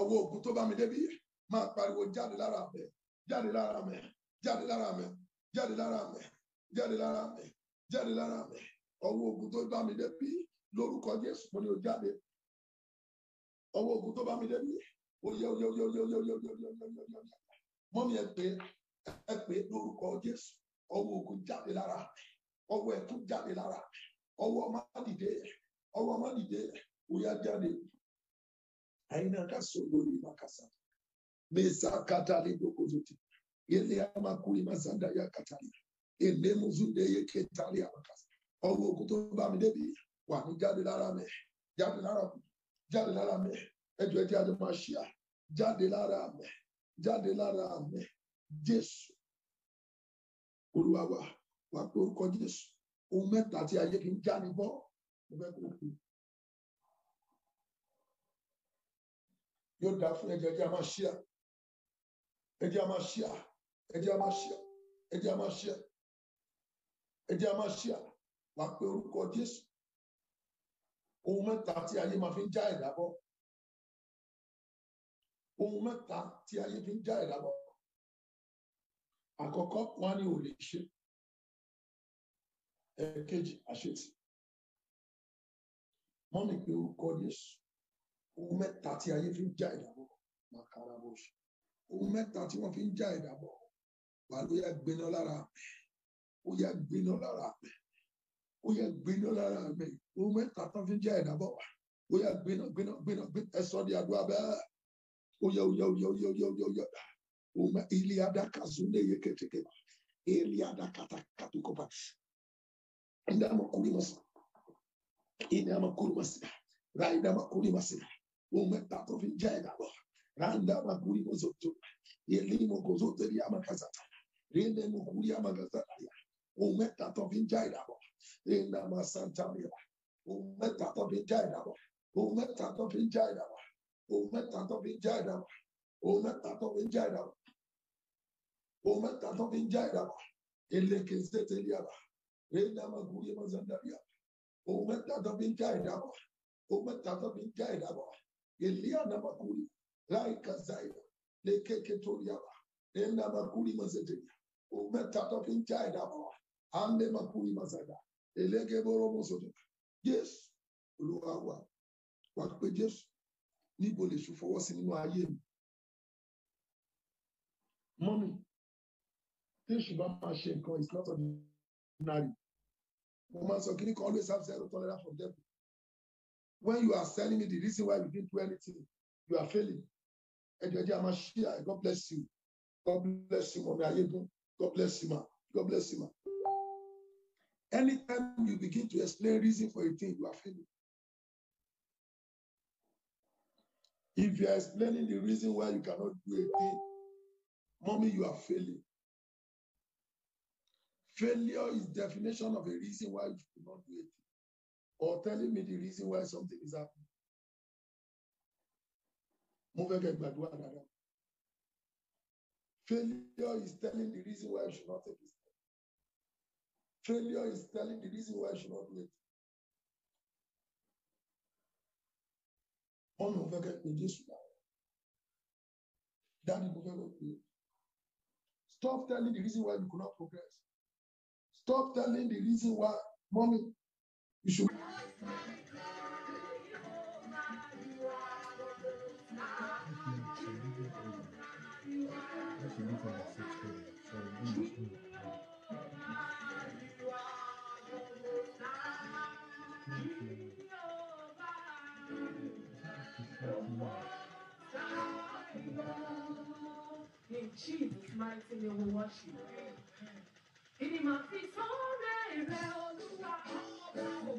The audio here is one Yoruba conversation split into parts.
ọwọ́ ogun tó bá mi débi máa pariwo jáde lára mi jáde lára mi jáde lára mi jáde lára mi jáde lára mi jáde lára mi ọwọ́ ogun tó bá mi débi lórúkọ Jésù mo ní o jáde ọwọ́ ogun tó bá mi débi oyè oyè oyè oyè oyè oyè oyè oyè oyè oyè oyè mọ́mí ẹ pé ẹ pé lórúkọ Jésù ọwọ́ ogun jáde lára mi ọwọ́ ẹkún jáde lára mi ọwọ́ ọmọ dìde ọwọ́ ọmọ dìde oyè jáde. anyị na haina kasogoli makasa mesa katali bokozoti yele amakuli masanda ya katali ele mozunde ye ketali ya ọwọ́ òkú tó bá mi débi wà ní jáde lára mi jáde lára mi jáde lára mi ẹjọ ẹjẹ àjọ máa ṣíà jáde lára mi jáde lára mi Jésù Olúwa wa wà pé orúkọ Jésù ohun mẹ́ta tí ayé kì í já ní bọ́ mo fẹ́ kó kú. yóò dá fún ẹjọ ẹjẹ a máa ṣíà ẹjẹ a máa ṣíà ẹjẹ a máa ṣíà ẹjẹ a máa ṣíà ẹjẹ a máa ṣíà wàá pe orúkọ Jésù ohun mẹ́ta tí ayé máa fi ń já ẹ̀dá bọ́ ohun mẹ́ta tí ayé fi ń já ẹ̀dá bọ́ àkọ́kọ́ wọn ni ò lè ṣe ẹ̀ẹ̀kejì àṣetì mọ́mì pé orúkọ Jésù ohun mẹ́ta tí ayé fi ń já ìdàbọ̀ màkàrà bó ṣe ohun mẹ́ta tí wọ́n fi ń já ìdàbọ̀ wà ló yá gbiná lára àmì ó yá gbiná lára àmì ó yá gbiná lára àmì ohun mẹ́ta tó fi ń já ìdàbọ̀ wà ó gbiná gbiná gbiná ẹ̀sọ́ di àdúrà bẹ́ẹ̀ ó yá ó yá ó yá ó yá ó yá ó yá ó yá ohun ilé adakazu ní èyí kékeré ilé adakata katukọba ìdá àmọ́ kúrìmọ̀sán ìdá àmọ́ kúrìmọ̀sán umeta kuvinjenga Bwana. Randa makuri mozoto. Elimo kozote ya makazata. Rende mukuri ya makazata ya. Umeta kuvinjenga Bwana. Renda masanta ya. Umeta kuvinjenga Bwana. Umeta kuvinjenga Bwana. Umeta kuvinjenga Bwana. Umeta kuvinjenga Bwana. Umeta kuvinjenga Bwana. Elekezete ya Bwana. Renda makuri mazanda ya. Umeta kuvinjenga Bwana. Umeta kuvinjenga Bwana. Eliana Makuri, Laika Zaida, Lekeke Toriaba, Enda Makuri Mazeteria, Umetata Pinchaida Boa, Ande Makuri Mazada, Elege Boro Mosodeba. Yes, Olúwa wa, wà pé Jésù, níbo lè ṣù fọwọ́ sí nínú ayé mi? Mọ́mí, tí ṣùgbọ́n máa ṣe nǹkan is not ordinary. Mo máa sọ kí ní always have zero tolerance for devil. When you are telling me the reason why you didn't do anything, you are failing. God bless you. God bless you, Mommy God bless you, ma. God bless you, ma. Anytime you begin to explain reason for a thing, you are failing. If you are explaining the reason why you cannot do a thing, mommy, you are failing. Failure is definition of a reason why you cannot do a thing. or telling me the reason why something is happening. Mo fẹ́ kẹ́ gbàdúrà dáadáa. Failure is telling the reason why I should not take this Failure is telling the reason why I should not do it. Wọ́n mi ò fẹ́ kẹ́ pé Jésù náà. Dáàdi Stop telling the reason why you could not progress. Stop telling the reason why, mommy, You should. In Jesus' mighty name we worship. In him, I feel so Thank you.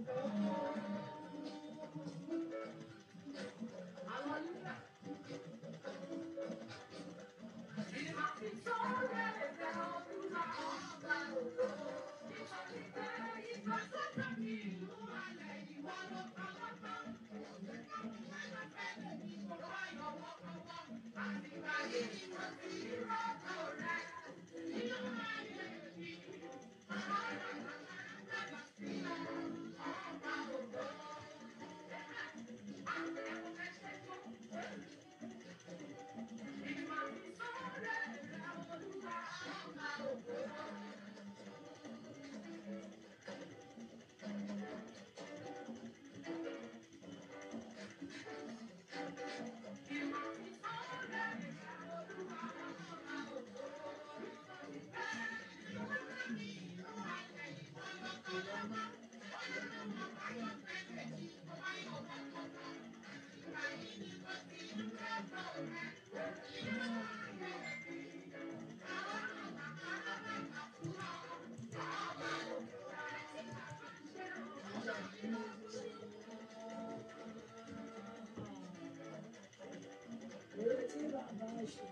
주시오.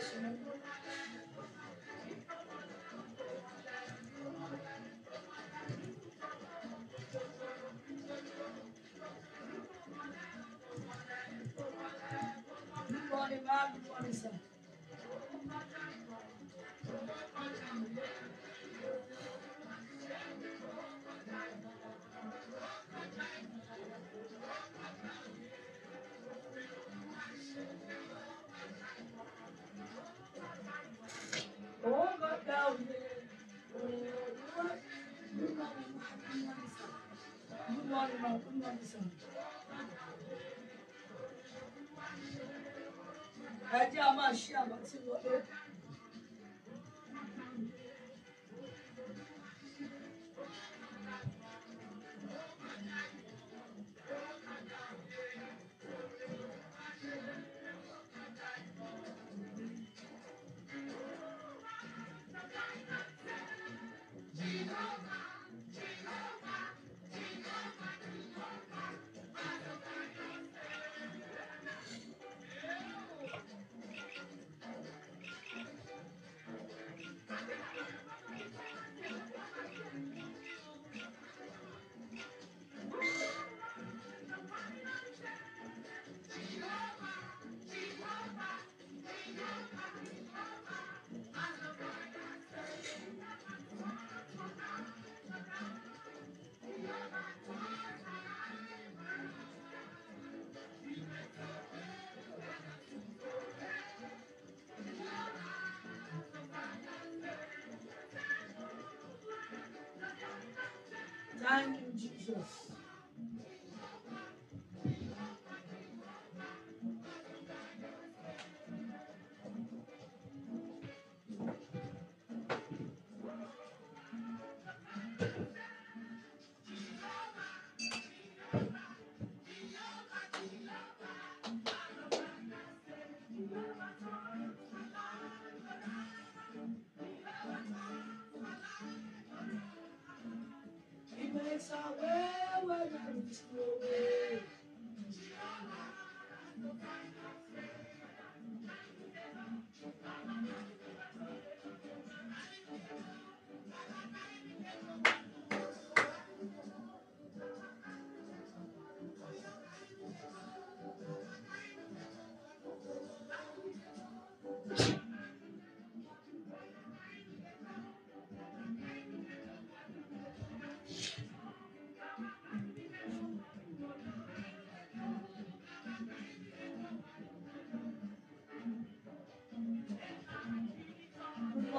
Good morning, you ẹ jẹ́ a máa ṣí àbátí wọlé. Thank you, Jesus.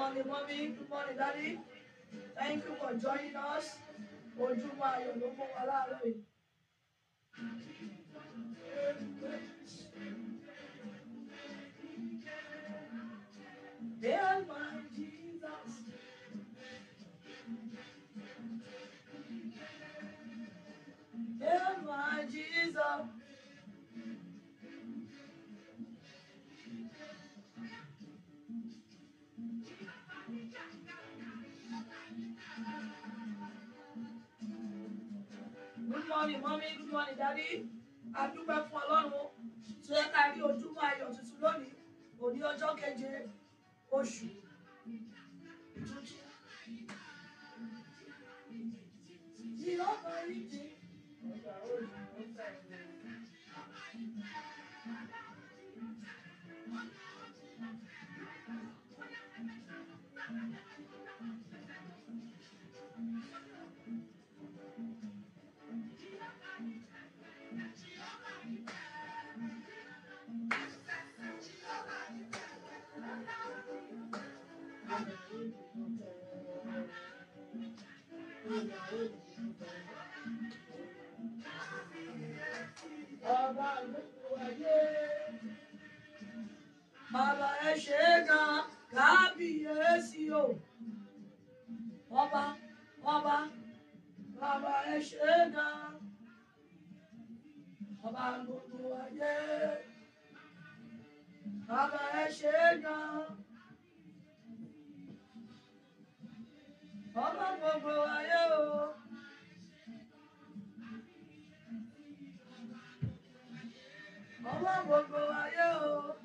morning, mommy. Good morning, daddy. Thank you for joining us. Ojúmọ́ You're no more láàárọ̀ yìí. good morning mommy good morning daddy a dúpẹ́ fún ọlọ́run tó yẹ ká rí ojúmọ́ ayọ̀ tuntun lónìí òní ọjọ́ keje oṣù bàbá ẹ ṣe é gan kábíyèsí o ọba ọba bàbá ẹ ṣe é gan ọba gbogbo ayé bàbá ẹ ṣe é gan ọba gbogbo ayé o. Ọlọ́run gbogbo ayé o.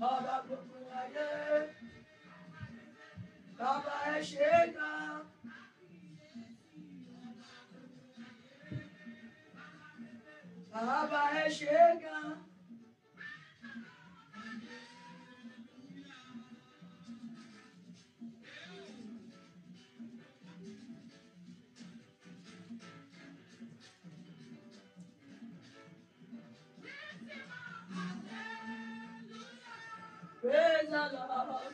bàbá gbogbo ayé bàbá ẹ ṣe é ga. Bàbá ẹ ṣe é gan. praise the Lord.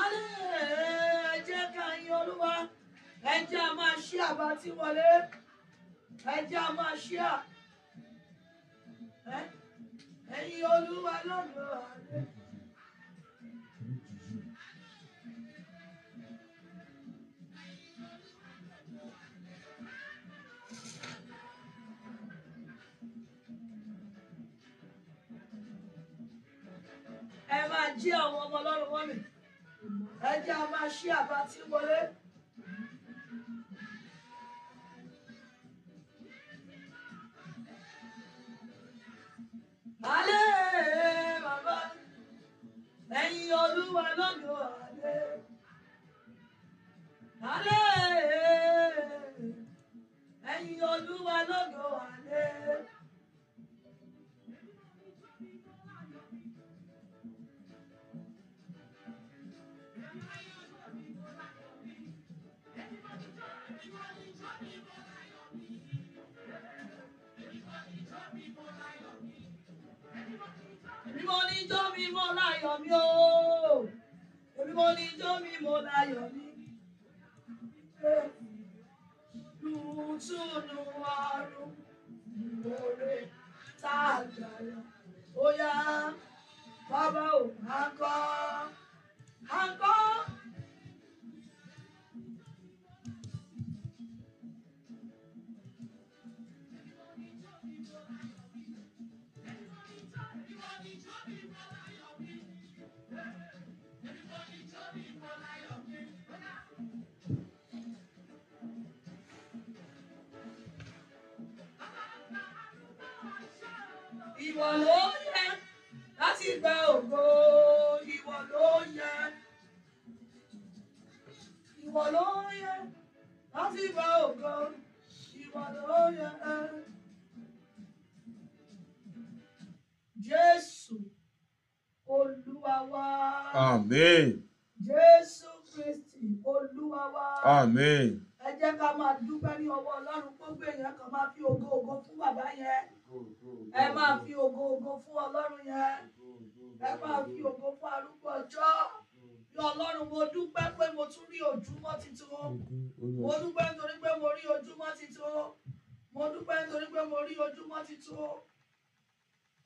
Alẹ́ ẹ jẹ́ ká yin Olúwa, ẹ jẹ́ a máa ṣí Olúwa lọ́nà. jí àwọn ọmọ ọlọ́run wọ́n mi ẹ jẹ́ a máa ṣí àbá tí wọlé. Alẹ́ bàbá ẹ̀yin olúwa lọ́dọ̀ alẹ́. Alẹ́ ẹ̀yin olúwa lọ́dọ̀ alẹ́. mi o èmi mo ní ijó mi mo láyọ̀ mi. Lùtùnú ọrùn ìmọ̀ọ́rẹ́ tá a jọyọ̀ ó yá bàbá ò máa kọ́ máa kọ́. ìwọ ló yẹ láti gba ògo ìwọ ló yẹ ìwọ ló yẹ láti gba ògo ìwọ ló yẹ. Jésù Olúwa wa. Amen. Jésù Kristi Olúwa Amen. Ẹ jẹ́ ká máa dúpẹ́ ní ọwọ́ Ọlọ́run gbogbo èèyàn kan máa fi ògo ògo fún bàbá yẹn ẹ máa fi ògo ògo fún ọlọ́run yẹn ẹ máa fi ògo fún arúgbó ọjọ́ bí ọlọ́run mo dúpẹ́ pé mo tún rí ojúmọ́ titun mo dúpẹ́ nítorí pé mo rí ojúmọ́ titun mo dúpẹ́ nítorí pé mo rí ojúmọ́ titun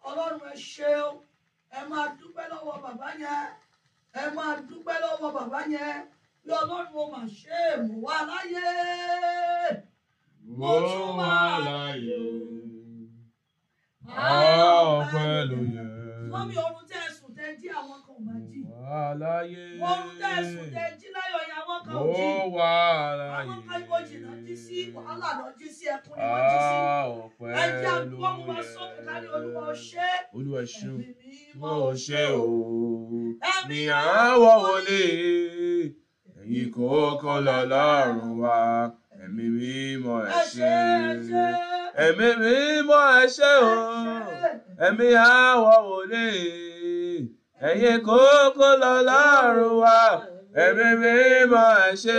ọlọ́run ẹ ṣeun ẹ máa dúpẹ́ lọ́wọ́ bàbá yẹn ẹ máa dúpẹ́ lọ́wọ́ bàbá yẹn bí ọlọ́run mo mà ṣe mo wà láyé mo tún wà láyé ọpẹ́ ló yẹ. wọ́n mi oorun tẹ́ sùn tẹ́ jí àwọn kan máa jí. wà á láyé. oorun tẹ́ sùn tẹ́ jí láyọ̀ ya àwọn kan ò jí. ó wà á láyé. àwọn kan ìbò jìnnà jí sí wàhálà lọ jí sí ẹkún ni wọ́n jí sí. ọpẹ́ ló yẹ. ẹ jẹ́ àgbọ̀ mu wá sókè kárí olúwa ọṣẹ́. olúwa ṣeun mo ṣe o. ẹ̀mí àwọn wọlé ẹ̀yìn kọ́kọ́ lọ lọ́rùn wa ẹ̀mí mímọ́ ẹ ṣé ẹ̀mí mímọ́ ẹ ṣé o ẹ̀mí àwọ̀ wòlé ẹ̀yin kókó lọ́lọ́run wa ẹ̀mí mímọ́ ẹ ṣé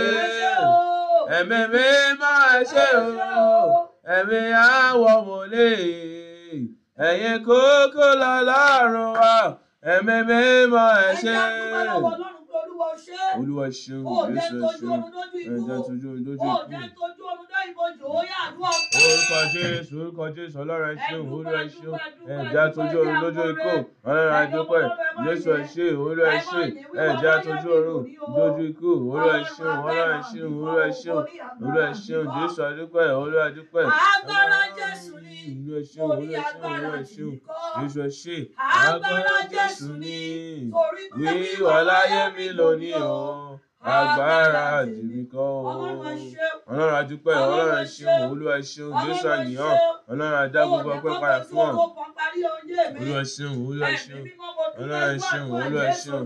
ẹ̀mí mímọ́ ẹ ṣé o ẹ̀mí àwọ̀ wòlé ẹ̀yin kókó lọ́lọ́run wa ẹ̀mí mímọ́ ẹ ṣé olúwa ṣeun jésù ṣeun ẹ̀jẹ̀ tójú oorun lójú ikú orúkọ jésù orúkọ jésù ọlọ́run ẹ ṣé òwúrọ̀ ẹ ṣé ẹ̀já tójú oorun lójú ikú ọlọ́run ẹ dúpẹ́ jésù ẹ ṣé òwúrọ̀ ẹ ṣé ẹ̀já tójú oorun lójú ikú òwúrọ̀ ẹ ṣé ọlọ́run ẹ ṣé òwúrọ̀ ẹ ṣé òwúrọ̀ ẹ ṣé jésù ẹ dúpẹ́ òwúrọ̀ ẹ dúpẹ́ agbára jésù ni orí agbára jù jésù ẹ mi wà láyé mi agbára àjùmíkọ́ o ọlọ́run adúpẹ́ ọlọ́run ẹṣeun olúwa ẹṣeun jésù àníyàn ọlọ́run adá gbogbo ọpẹ́ padà fún ọ olúwa ẹṣeun olúwa ẹṣeun ọlọ́run ẹṣeun olúwa ẹṣeun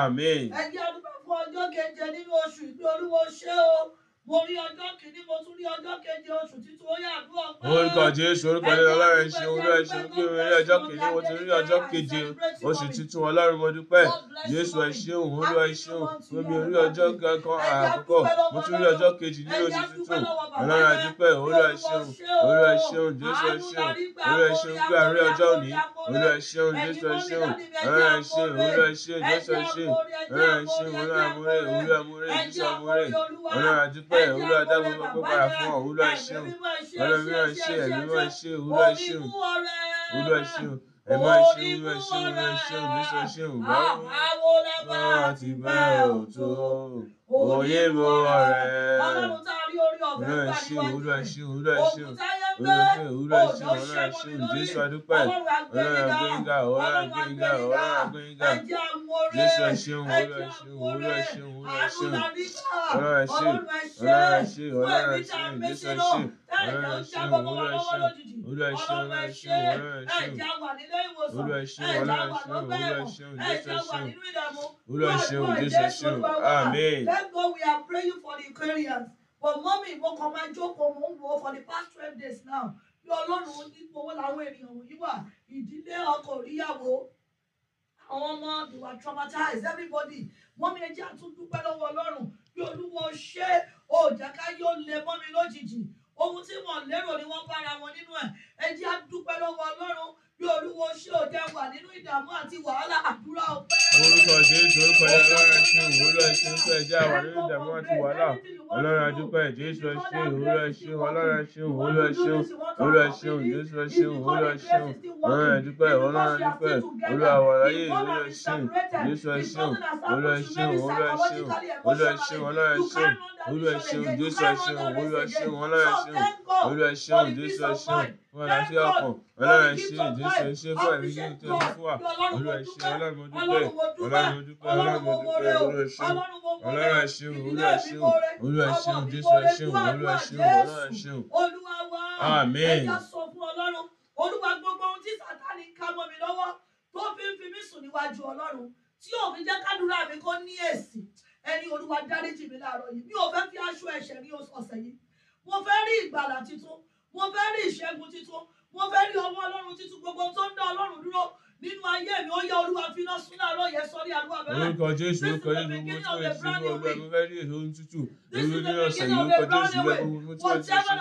àmín. ẹ jẹ́ ọdún fún ọjọ́ keje nínú oṣù ìgbé olúwo ṣé o mo rí ọjọ́ kìíní mo tún rí ọjọ́ kejì oṣù títún ó yà bú ọgbà. orúkọ jésù orúkọ jésù ọlọ́run ṣe olúwa ṣe kí o rí ọjọ́ kìíní mo tún rí ọjọ́ keje oṣù títún ọlọ́run mo dúpẹ́ jésù ẹ ṣeun olúwa ẹ ṣeun omi orí ọjọ́ kankan àkókò mo tún rí ọjọ́ kejì ní oṣù títún ọlọ́run ẹ dúpẹ́ olúwa ẹ ṣeun olúwa ẹ ṣeun jésù ẹ ṣeun olúwa ẹ ṣeun gbé àárẹ̀ ọjọ́ òní olúwa ẹ dúpẹ́ olúwa dábòbò gbogbo para fún ọ olúwa ṣeun ọlọ́míràn ṣe ẹ̀mímọ́ ṣe olúwa ṣeun olúwa ṣeun ẹ̀mọ́ ṣe olúwa ṣeun olúwa ṣeun jésù ṣeun báwo àti bẹ́ẹ̀ ò tó òye mo ọ̀rẹ́ olúwa ṣeun olúwa ṣeun olúwa ṣeun olùfẹ́ òwúrọ̀ ah, ṣe ọ̀rọ̀ ṣe jésù adúpẹ́ ọ̀rọ̀ àgbéyìnká ọ̀rọ̀ àgbéyìnká ọ̀rọ̀ àgbéyìnká jésù ẹ ṣeun olúwa ẹ ṣeun olúwa ẹ ṣeun olúwa ẹ ṣeun olúwa ẹ ṣeun olúwa ẹ ṣeun olúwa ẹ ṣeun jésù ẹ ṣeun olúwa ẹ ṣeun olúwa ẹ ṣeun olúwa ẹ ṣeun olúwa ẹ ṣeun olúwa ẹ ṣeun olúwa ẹ ṣeun olúwa ẹ ṣeun olúwa ẹ ṣeun jésù ẹ ṣeun olúwa ẹ ṣeun jésù ẹ ṣeun amen. Thank God we are praying for the Ukrainians. But mommy, mo kàn máa jókòó mo ń wò ó for the past twelve days now. Bí Ọlọ́run ní owó làwọn ènìyàn wọ̀nyí wà, ìdílé ọkọ ìyàwó àwọn ọmọ they were traumatized everybody mọ́mí ẹ jẹ́ àtúndúpẹ́ lọ́wọ́ ọlọ́run bí olúwo ṣe òjàká yóò lè mọ́mí lójijì ohun tí wọ́n lérò ni wọ́n bára wọn nínú ẹ̀ ẹ jẹ́ àdúpẹ́ lọ́wọ́ ọlọ́run bí orúkọ jésù orúkọ ọlọ́run ṣe òwúrọ̀ ṣe ń pẹ́ jẹ́ àwọn nínú ìdààmú àti wàhálà ọlọ́run adúpẹ́ jésù ṣe òwúrọ̀ ṣe ọlọ́run ṣe òwúrọ̀ ṣe òwúrọ̀ ṣe jésù ṣe òwúrọ̀ ṣe ọlọ́run adúpẹ́ ọlọ́run adúpẹ́ olúwàwọ̀ráyè òwúrọ̀ ṣe jésù ṣe òwúrọ̀ ṣe òwúrọ̀ ṣe òwúrọ̀ ṣe ọlọ́run ṣe òwúrọ̀ ṣe jésù ṣe òwúrọ̀ ṣe ọlọ́run ṣe òwúrọ̀ ṣe jésù ṣe fún ọ̀la sí ọkàn ọlọ́run ẹ ṣé ìdíṣẹ́ ẹ ṣé fún ẹ̀mí kí n tẹ́ fún wa ọlọ́run ẹ ṣé ọlọ́run mo dúpẹ́ ọlọ́run mo dúpẹ́ ọlọ́run mo dúpẹ́ olúwa ṣé o ọlọ́run ẹ ṣé o olúwa ṣé o olúwa ṣé o jésù ẹ ṣé o olúwa ṣé o ọlọ́run ẹ ṣé o. olúwa wa ẹ̀ka sọ fún ọlọ́run olúwa gbogbo ohun tí sátani ká mọ́ mi lọ́wọ́ tó fi ń fi mí sùn níwájú ọlọ́run tí òfin jẹ́ kádùrá mi kó ní èsì ẹni olúwa dáríjì mi láàárọ̀ yìí mi ò fẹ́ fi aṣọ ẹ̀ṣẹ̀ rí ọ̀sẹ̀ yìí mo fẹ́ rí ìgbàlà tuntun mo fẹ́ rí ìṣẹ́gun titun mo fẹ́ rí ọwọ́ ọlọ́run titun gbogbo tó ń dá ọlọ́run dúró nínú ayé mi ó yá olúwa finá súnlá lóye sọrí àlúwà bẹ́ẹ̀. orúkọ jésù orúkọ jésù mo tó ẹ sí mo gbẹ mo fẹ́ rí èso tútù lórí ní ọ̀sẹ̀ yìí orúkọ jésù bẹ́ẹ̀ mo tó ẹ sí mo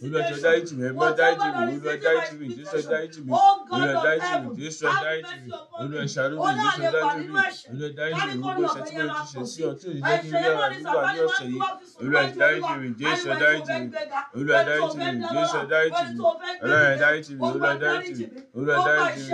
lè dáìjì mi olùwẹ̀jọ dáìjì mi ẹ̀gbọ́n dáìjì mi olùwẹ̀ dáìjì mi jésù dáìjì mi oh olùwẹ̀ dáìjì mi jésù dáìjì mi olùwẹ̀ sàrò mi oh jésù dáìjì mi olùwẹ̀ dáìjì mi gbogbo ìṣẹ́ tí mo ti ṣe sí ọtí òní jẹ́ kí n yára nígbà ní ọ̀sẹ̀ yìí olùwẹ̀ dáìjì mi jésù dáìjì mi olùwẹ̀ dáìjì mi jésù dáìjì mi ọlọ́run dáìjì mi olùwẹ̀ dáìjì mi olùwẹ̀ dáìjì mi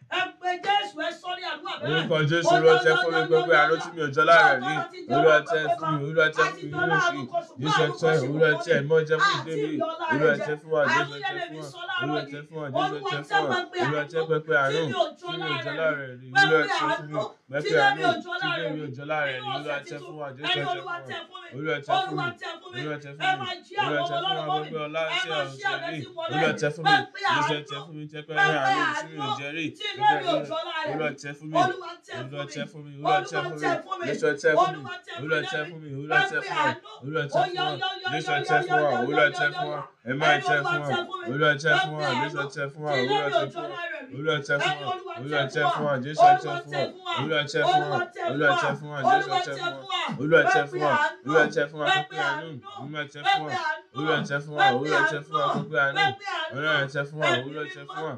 orúkọ jésù olúwa tẹ fún mi pẹpẹ àlọ tí mi ò jọ láàrẹ ní olúwa tẹ fún mi olúwa tẹ fún mi yóò ṣe jésù tẹ olúwa tẹ mọ jẹ fún ìdè mi olúwa tẹ fún wa jésù tẹ fún wa olúwa tẹ fún wa jésù tẹ fún wa olúwa tẹ pẹpẹ àlọ tí mi ò jọ láàrẹ ní olúwa tẹ fún mi pẹpẹ àlọ tí mi ò jọ láàrẹ ní olúwa tẹ fún wa jésù tẹ fún wa olúwa tẹ fún mi olúwa tẹ fún mi olúwa tẹ fún wa pẹpẹ ọlá tí a ò jẹ rí olúwa tẹ fún mi jésù tẹ fún mi tẹ pẹpẹ tí mi ò jẹ rí lórí òjò ọlá rẹ olúwa tẹ fún mi olúwa tẹ fún mi olúwa tẹ fún mi olúwa tẹ fún mi olúwa tẹ fún mi olúwa tẹ fún mi olúwa tẹ fún wa olúwa tẹ fún wa olúwa tẹ fún wa ẹ máa tẹ fún wa olúwa tẹ fún wa olúwa tẹ fún wa olúwa tẹ fún wa olúwa tẹ fún wa olúwa tẹ fún wa jésù tẹ fún wa olúwa tẹ fún wa olúwa tẹ fún wa jésù tẹ fún wa olúwa tẹ fún wa olúwa tẹ fún wa pípẹ́ àánú olúwa tẹ fún wa olúwa tẹ fún wa olúwa tẹ fún wa pípẹ́ àánú olúwa tẹ fún wa olúwa tẹ fún wa.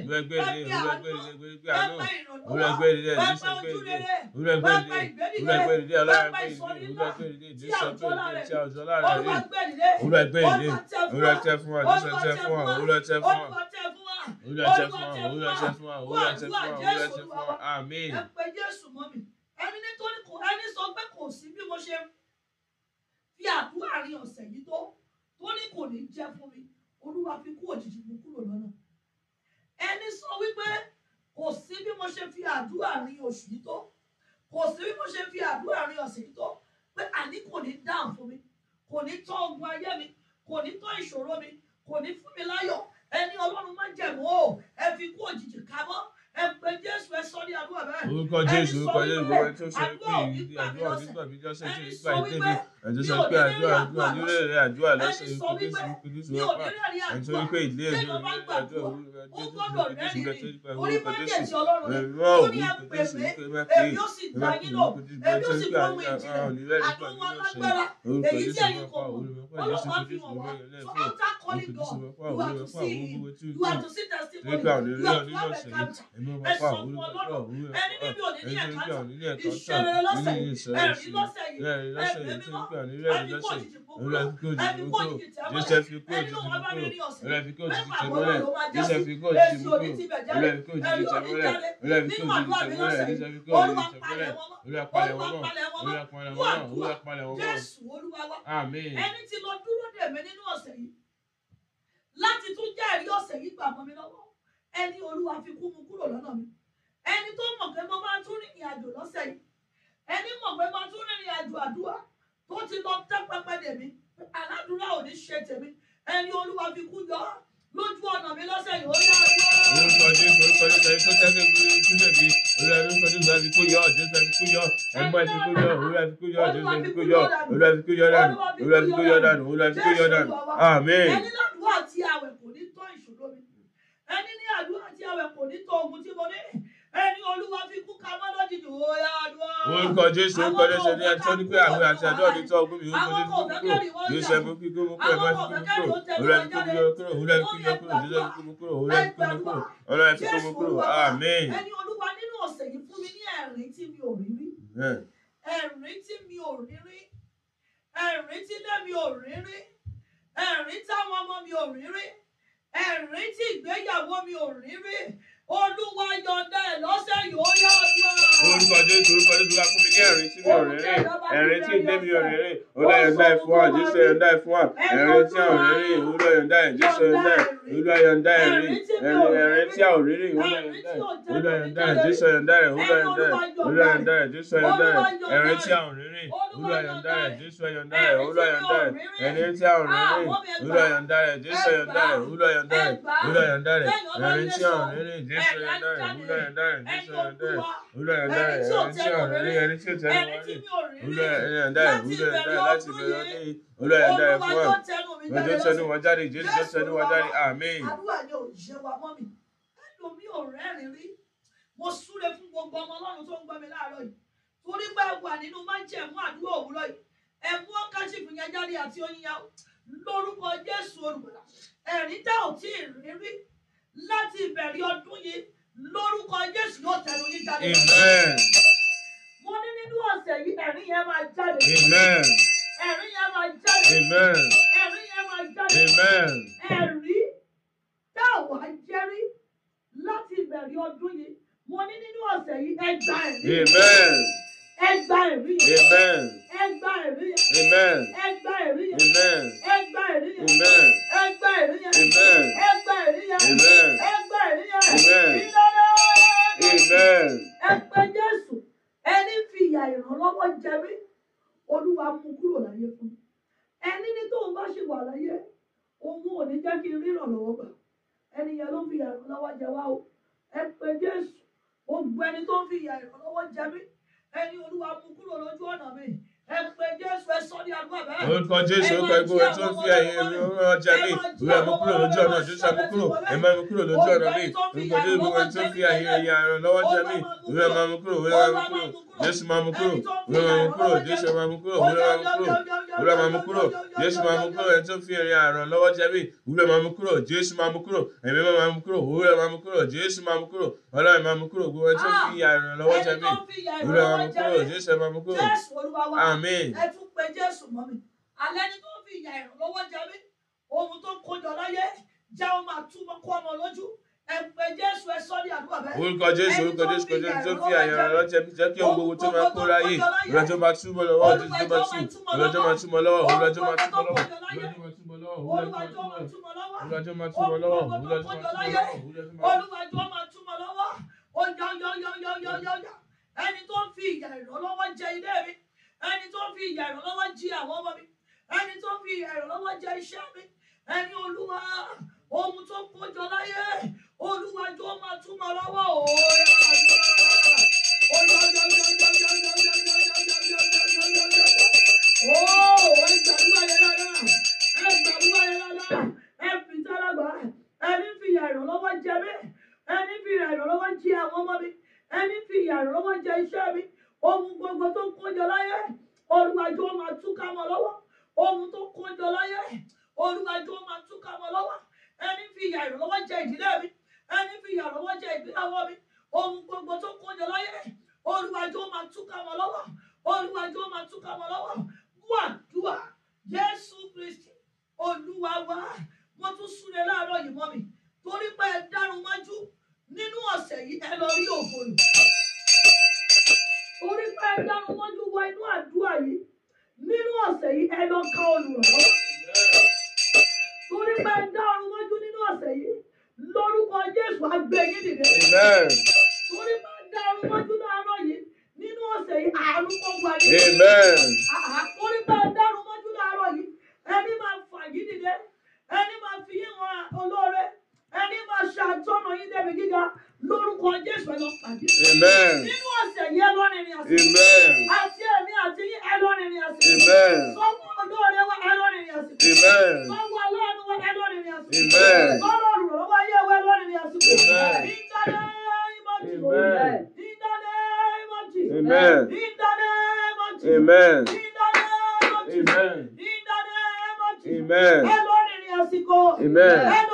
olùrẹ̀gbẹ́ ìdílé olùrẹ̀gbẹ́ ìdílé olùrẹ̀gbẹ́ ìdílé olùrẹ̀gbẹ́ ìdílé olùrẹ̀gbẹ́ ìdílé olùrẹ̀gbẹ́ ìdílé ìdílé sọ́tò ìdílé tí a jọ láàrin ìdílé olùrẹ̀gbẹ́ ìdílé olùrẹ̀tẹ̀ fún wa olùrẹ̀tẹ̀ fún wa olùrẹ̀tẹ̀ fún wa olùrẹ̀tẹ̀ fún wa olùrẹ̀tẹ̀ fún wa olùrẹ̀tẹ̀ fún wa olùrẹ̀tẹ̀ fún wa àmín. ẹ pé Jésù mọ́ mi ẹni nítorí kò ẹni sọ pé kò sí bí mo ṣe fi àdúrà rin ọ̀sẹ̀ yìí tó tó ní kò ní jẹ́ fún mi olúwa fi kú òjijì mú kúrò lọ́nà ẹni sọ wípé kò sí bí mo ṣe fi àdúrà rin oṣù yìí tó kò sí bí mo ṣe fi àdúrà rin ọ̀sẹ̀ yìí tó pé àní kò ní dáhùn fún mi kò ní tọ́ ogun ayé mi kò ní tọ́ ìṣòro mi kò ní fún mi láyọ̀ ẹni ọlọ́run má jẹ̀mọ́ o ẹ fi kú òjijì kámọ́ ẹ pé jésù ẹ sọ ní àdúrà bẹ́ẹ̀ ẹni sọ wípé àdúrà òní gbàmí lọ́sẹ̀ ẹni sọ wípé. And you yeah, ẹjọ sọ pé àdúrà àdúrà ní orí rẹ àdúrà lọsẹ ìpèkìsù ọpá ẹjọ wípé ilé ẹjọ ìlú àdúrà òwúrọ̀ ẹjọ ìpèkìsù ìgbà tó nípa jésù ẹrọ òwú ìpèkìsù ìpè bá pé ìpèkìsù ìpèkìsù ẹjọ ìpè àdúrà ònílẹ ìpè àdúrà ọsẹ orúkọ jésù ọpá òwúrọ̀ ọpá jésù ìpèkìsù ọpá ìlẹ fún ìpèkìsù ọpá òwúrọ̀ ọpá òwúrọ̀ tí ó kù nípa ònílẹ onílẹ ọsẹ ẹmọ ọpá òwúrọ̀ ọpá òwúrọ̀ ọpá ẹjọ ìpè ònílẹ ẹkọ kan ní rẹ̀ lọ́sẹ̀ òun rẹ̀ fi kó òjijì mú kó jésù fi kó òjijì mú kó òun rẹ̀ fi kó òjijì tẹ̀ mọ́lẹ̀ jésù fi kó òjijì mú kó òun rẹ̀ fi kó òjijì tẹ̀ mọ́lẹ̀ òun rẹ̀ fi kó òjijì tẹ̀ mọ́lẹ̀ jésù fi kó òjijì tẹ̀ mọ́lẹ̀ òun rẹ̀ palẹ̀ wọ́n mọ́ òun rẹ̀ palẹ̀ wọ́n mọ́ òun rẹ̀ palẹ̀ wọ́n mọ́ jésù olúwa wa ẹni láti tún jẹ́rìí ọ̀sẹ̀ yìí gbà mi lọ́wọ́ ẹni olúwa fi kú mu kúrò lọ́nà mi ẹni tó mọ̀ pé mo máa tún rìnrìn àjò lọ́sẹ̀ yìí ẹni mọ̀ pé mo máa tún rìnrìn àjò àdúrà ó ti lọ tẹ́ pẹpẹ dèmí aládùúrà ò ní ṣe tèmi ẹni olúwa fi kú yọ lójú ọ̀nà mi lọ́sẹ̀ yìí ó yá ọjọ́. orúkọ jésù orúkọ jésù ẹni tó tẹ́lẹ̀ kúlẹ̀ bí olúwa orúkọ jésù àfi kú yọ jésù àfi kú yọ ẹgbẹ́ àfi kú yọ olúwa àfi kú yọ jésù àfi kú yọ olúwa àfi kú yọ dànù olúwa àfi kú yọ dànù olúwa àfi kú yọ dànù àmín. ẹni ládùúgbò àti àwẹ̀ kò ní tọ́ ìṣòro mi ẹni ní àdúrà àti àwẹ̀ kò ní tọ́ ogun tí mo ní ẹni orúkọ jésù orúkọ jésù ní ẹni ní pé àwẹ̀ àti àdúrà ní tọ́ ogún mi ó gbọ́dọ̀ fún kúrò jésù mú kúrò kúrò ẹ̀fọ́ fi kúrò òwúrọ̀ fi kúrò kúrò òwúrọ̀ fi kúrò kúrò jésù fi kúrò kúrò òwúrọ̀ fi kúrò kúrò òwúrọ̀ fi kúrò kúrò àmín. ẹni olúwa nínú ọ̀sẹ̀ yìí fún mi ní ẹ̀rín tí mi ò rí ẹ̀rín tí mi ò rí ẹ̀rín tí lé mi ò rí ẹ̀rín táwọn ọmọ mi ò rí ẹ̀rín tí ìgbéyàwó mi ò rí olúwa yọ̀ǹda ẹ̀ lọ́sẹ̀ yóò yá ọdún àá. orúkọ jésù orúkọ jésù la fún mi ní ẹ̀rín sínú ọ̀rẹ́ rẹ̀ ẹ̀rín tí ìdẹ́mi ọ̀rẹ́ rẹ̀ ọlá yọ̀ǹda ẹ̀ fún wa jésù yọ̀ǹda ẹ̀ fún wa ẹ̀rín tí ọ̀rẹ́ rẹ̀ òwúrọ̀ yọ̀ǹda ẹ̀ jésù yọ̀ǹda ẹ̀ olúwa yandai, ẹ̀ rí ẹ̀rẹ́ tí a ò rí rí yandai, yọ̀ǹda ẹ̀ jésù yandai, ẹ̀ olúwa yọ̀ǹda yandai, olúwa yọ̀ǹda ẹ̀ jésù yọ̀ǹda ẹ̀ ẹ̀rẹ́ tí a ò rí rí olúwa yọ̀ǹda ẹ̀ jésù yọ̀ǹda ẹ̀ olúwa yọ̀ǹda ẹ̀ ẹ̀rẹ́ tí a ò rí rí yandai, yọ̀ǹda ẹ̀ jésù yandai, ẹ̀ olúwa yọ̀ǹda ẹ̀ olúwa yọ̀ǹda ẹ̀ ẹ̀rẹ́ tí a ò rí rí jésù yọ̀ǹda yandai, olúwa yọ̀ǹda ẹ̀ yandai, yọ̀ǹda ẹ̀ olúwa yọ̀ǹda ẹ̀ ẹ̀rẹ́ tí a ò rí rí ẹni tí ò tẹnu wá rí olúwa yọ̀ǹda láti bẹ̀rẹ̀ ọdún yìí olúwa yọ̀ǹda fún ẹ̀ ọjọ́ tẹnu wọn jáde jésù tẹnu wọn jáde àmín àdúrà yẹn ò wa mọ́ mi ẹlòmíì ò rí mo súre fún gbogbo ọmọ ọlọ́run tó ń gbọ́ mi láàárọ̀ yìí torí pé ẹ wà nínú májẹ̀mú àdúrà òwúrọ̀ yìí ẹ mú yẹn jáde àti oyin yẹn lórúkọ jésù olùgbàlà ẹ̀rín tá ò tí ì rí rí láti ìbẹ̀rẹ̀ ọdún yìí lórúkọ jésù yóò tẹnu yín jáde mo ní nínú ọ̀sẹ̀ yìí ẹ̀rín yẹn máa jáde ẹ̀rín yẹn máa jáde ẹ̀rín yẹn máa jáde ẹ̀rín. ìparí ọdún yìí mo ní nínú ọ̀sẹ̀ yìí ẹ gba ẹ̀rí Amen. ẹ gba ẹ̀rí Amen. ẹ gba ẹ̀rí Amen. ẹ gba ẹ̀rí Amen. ẹ gba ẹ̀rí Amen. ẹ gba ẹ̀rí Amen. ẹ gba ẹ̀rí Amen. ẹ gba ẹ̀rí Amen. Amen. ẹ pé Jésù ẹni fi ìyà ìrànlọ́wọ́ jẹ mí Olúwa mú kúrò láyé fún mi ẹni ní tóun bá ṣe wà láyé òun ò ní jẹ́ kí n rí ìrànlọ́wọ́ gbà ẹni yẹn ló fi ìyà ìrànlọ́wọ́ jẹ wá o ẹ pé jésù gbogbo ẹni tó ń fi ìyà ìrànlọ́wọ́ jẹ mí ẹni olúwa mú kúrò lójú ọ̀nà mi orúkọ jésù orúkọ igbó ẹ tó ń fi ẹyin ìrora ọjà mi ìwé ẹmu kúrò lójú ọ̀nà jésù ẹmu kúrò ẹmu ẹmu kúrò lójú ọ̀nà mi orúkọ jésù orúkọ ẹ tó ń fi ẹyin ìrora ọjà mi ìwé ẹmu kúrò ìwé ẹmu kúrò. Jésù máa mú kúrò olúwa máa mú kúrò Jésù máa mú kúrò olúwa máa mú kúrò olúwa máa mú kúrò Jésù máa mú kúrò ẹni tó fi ẹ̀rí àrùn lọ́wọ́ jẹ́bí olúwa máa mú kúrò Jésù máa mú kúrò ẹ̀mí máa mú kúrò olúwa máa mú kúrò Jésù máa mú kúrò ọlọ́run máa mú kúrò gbogbo ẹni tó fi àrùn lọ́wọ́ jẹ́bí olúwa máa mú kúrò Jésù máa mú kúrò àmín. ẹ tún Jésù mọ́ mi orúkọ jésù orúkọ jésù kọjá tó fi àyàrá lọ́jẹ́ jẹ́ kí ohun gbogbo tó máa kó ráyè ìrọ̀jọ́ máa túmọ̀ lọ́wọ́ ìrọ̀jọ́ máa túmọ̀ lọ́wọ́ ìrọ̀jọ́ máa túmọ̀ lọ́wọ́ ìrọ̀jọ́ máa túmọ̀ lọ́wọ́ ìrọ̀jọ́ máa túmọ̀ lọ́wọ́ ẹni tó ń fi ìyà ìrànlọ́wọ́ jẹ ilé mi ẹni tó ń fi ìyà ìrànlọ́wọ́ jẹ àwọn ọmọ mi ẹni tó ń fi ìyà ìrànlọ́wọ́ jẹ iṣẹ́ mi ẹni olúwa ohun tó kójọ láyé olùwàjò máa tún máa lọ́wọ́ o ẹni fi ìyà ìrànlọ́wọ́ jẹ mí ẹni fi ìyà ìrànlọ́wọ́ jẹ àwọn ọmọ mi ẹni fi ìyà ìrànlọ́wọ́ jẹ iṣẹ́ mi ohun gbogbo tó ń kójọ láyé olùwàjò máa túká mọ́ lọ́wọ́ ohun tó ń kójọ láyé olùwàjò máa túká mọ́ lọ́wọ́ ẹni fi ìyà ìrànlọ́wọ́ jẹ ìdílé mi ẹni fi ìyà lọ́wọ́ jẹ ìgbéyàwó mi ohun gbogbo tó kó jẹ lọ́yẹ̀ olùwàjò máa túká wọn lọ́wọ́ olùwàjò máa túká wọn lọ́wọ́ wàdùà Jésù Kristi Olúwa wa mo tún súre láàárọ̀ yìí mọ́ mi torí pé ẹ dárun mọ́jú nínú ọ̀sẹ̀ yìí ẹ lọ rí ògo lò torí pé ẹ dárun mọ́jú wọ inú àdúrà yìí nínú ọ̀sẹ̀ yìí ẹ lọ ká olùrànlọ́wọ́ torí pé ẹ dá lórúkọ Jésù agbẹ́yìn nìyẹn. torí máa ń darun mọ́jú yìí nínú ọ̀sẹ̀ yìí àrùn kan wà ní. torí máa ń darun mọ́jú yìí ẹni máa fà yìí nìyẹn ẹni máa fi yín wọn olóore ẹni máa ṣàtọ́nà yín débi gíga lórúkọ Jésù ẹ lọ pàdé. nínú ọ̀sẹ̀ yẹn lọ́rin ìrìn àsìkò. àti èmi àti yín ẹ lọ́rin ìrìn àsìkò. sọ́kùn olóore wa ẹ lọ́rin ìrìn àsìkò. sọ́kùn aláàánú wa ẹ lọ́rin ìrìn àsìkò. sọ́kùn olùrànlọ́wọ́ ayé wa ẹ lọ́rin ìrìn àsìkò. ìdáná ìmọ̀jì. ìdáná ìmọ̀jì. ìdáná ìmọ̀jì. ìdáná ìmọ̀jì. ìdáná ìmọ̀jì. ẹ lọ́rin ìrìn àsìkò. ẹ lọ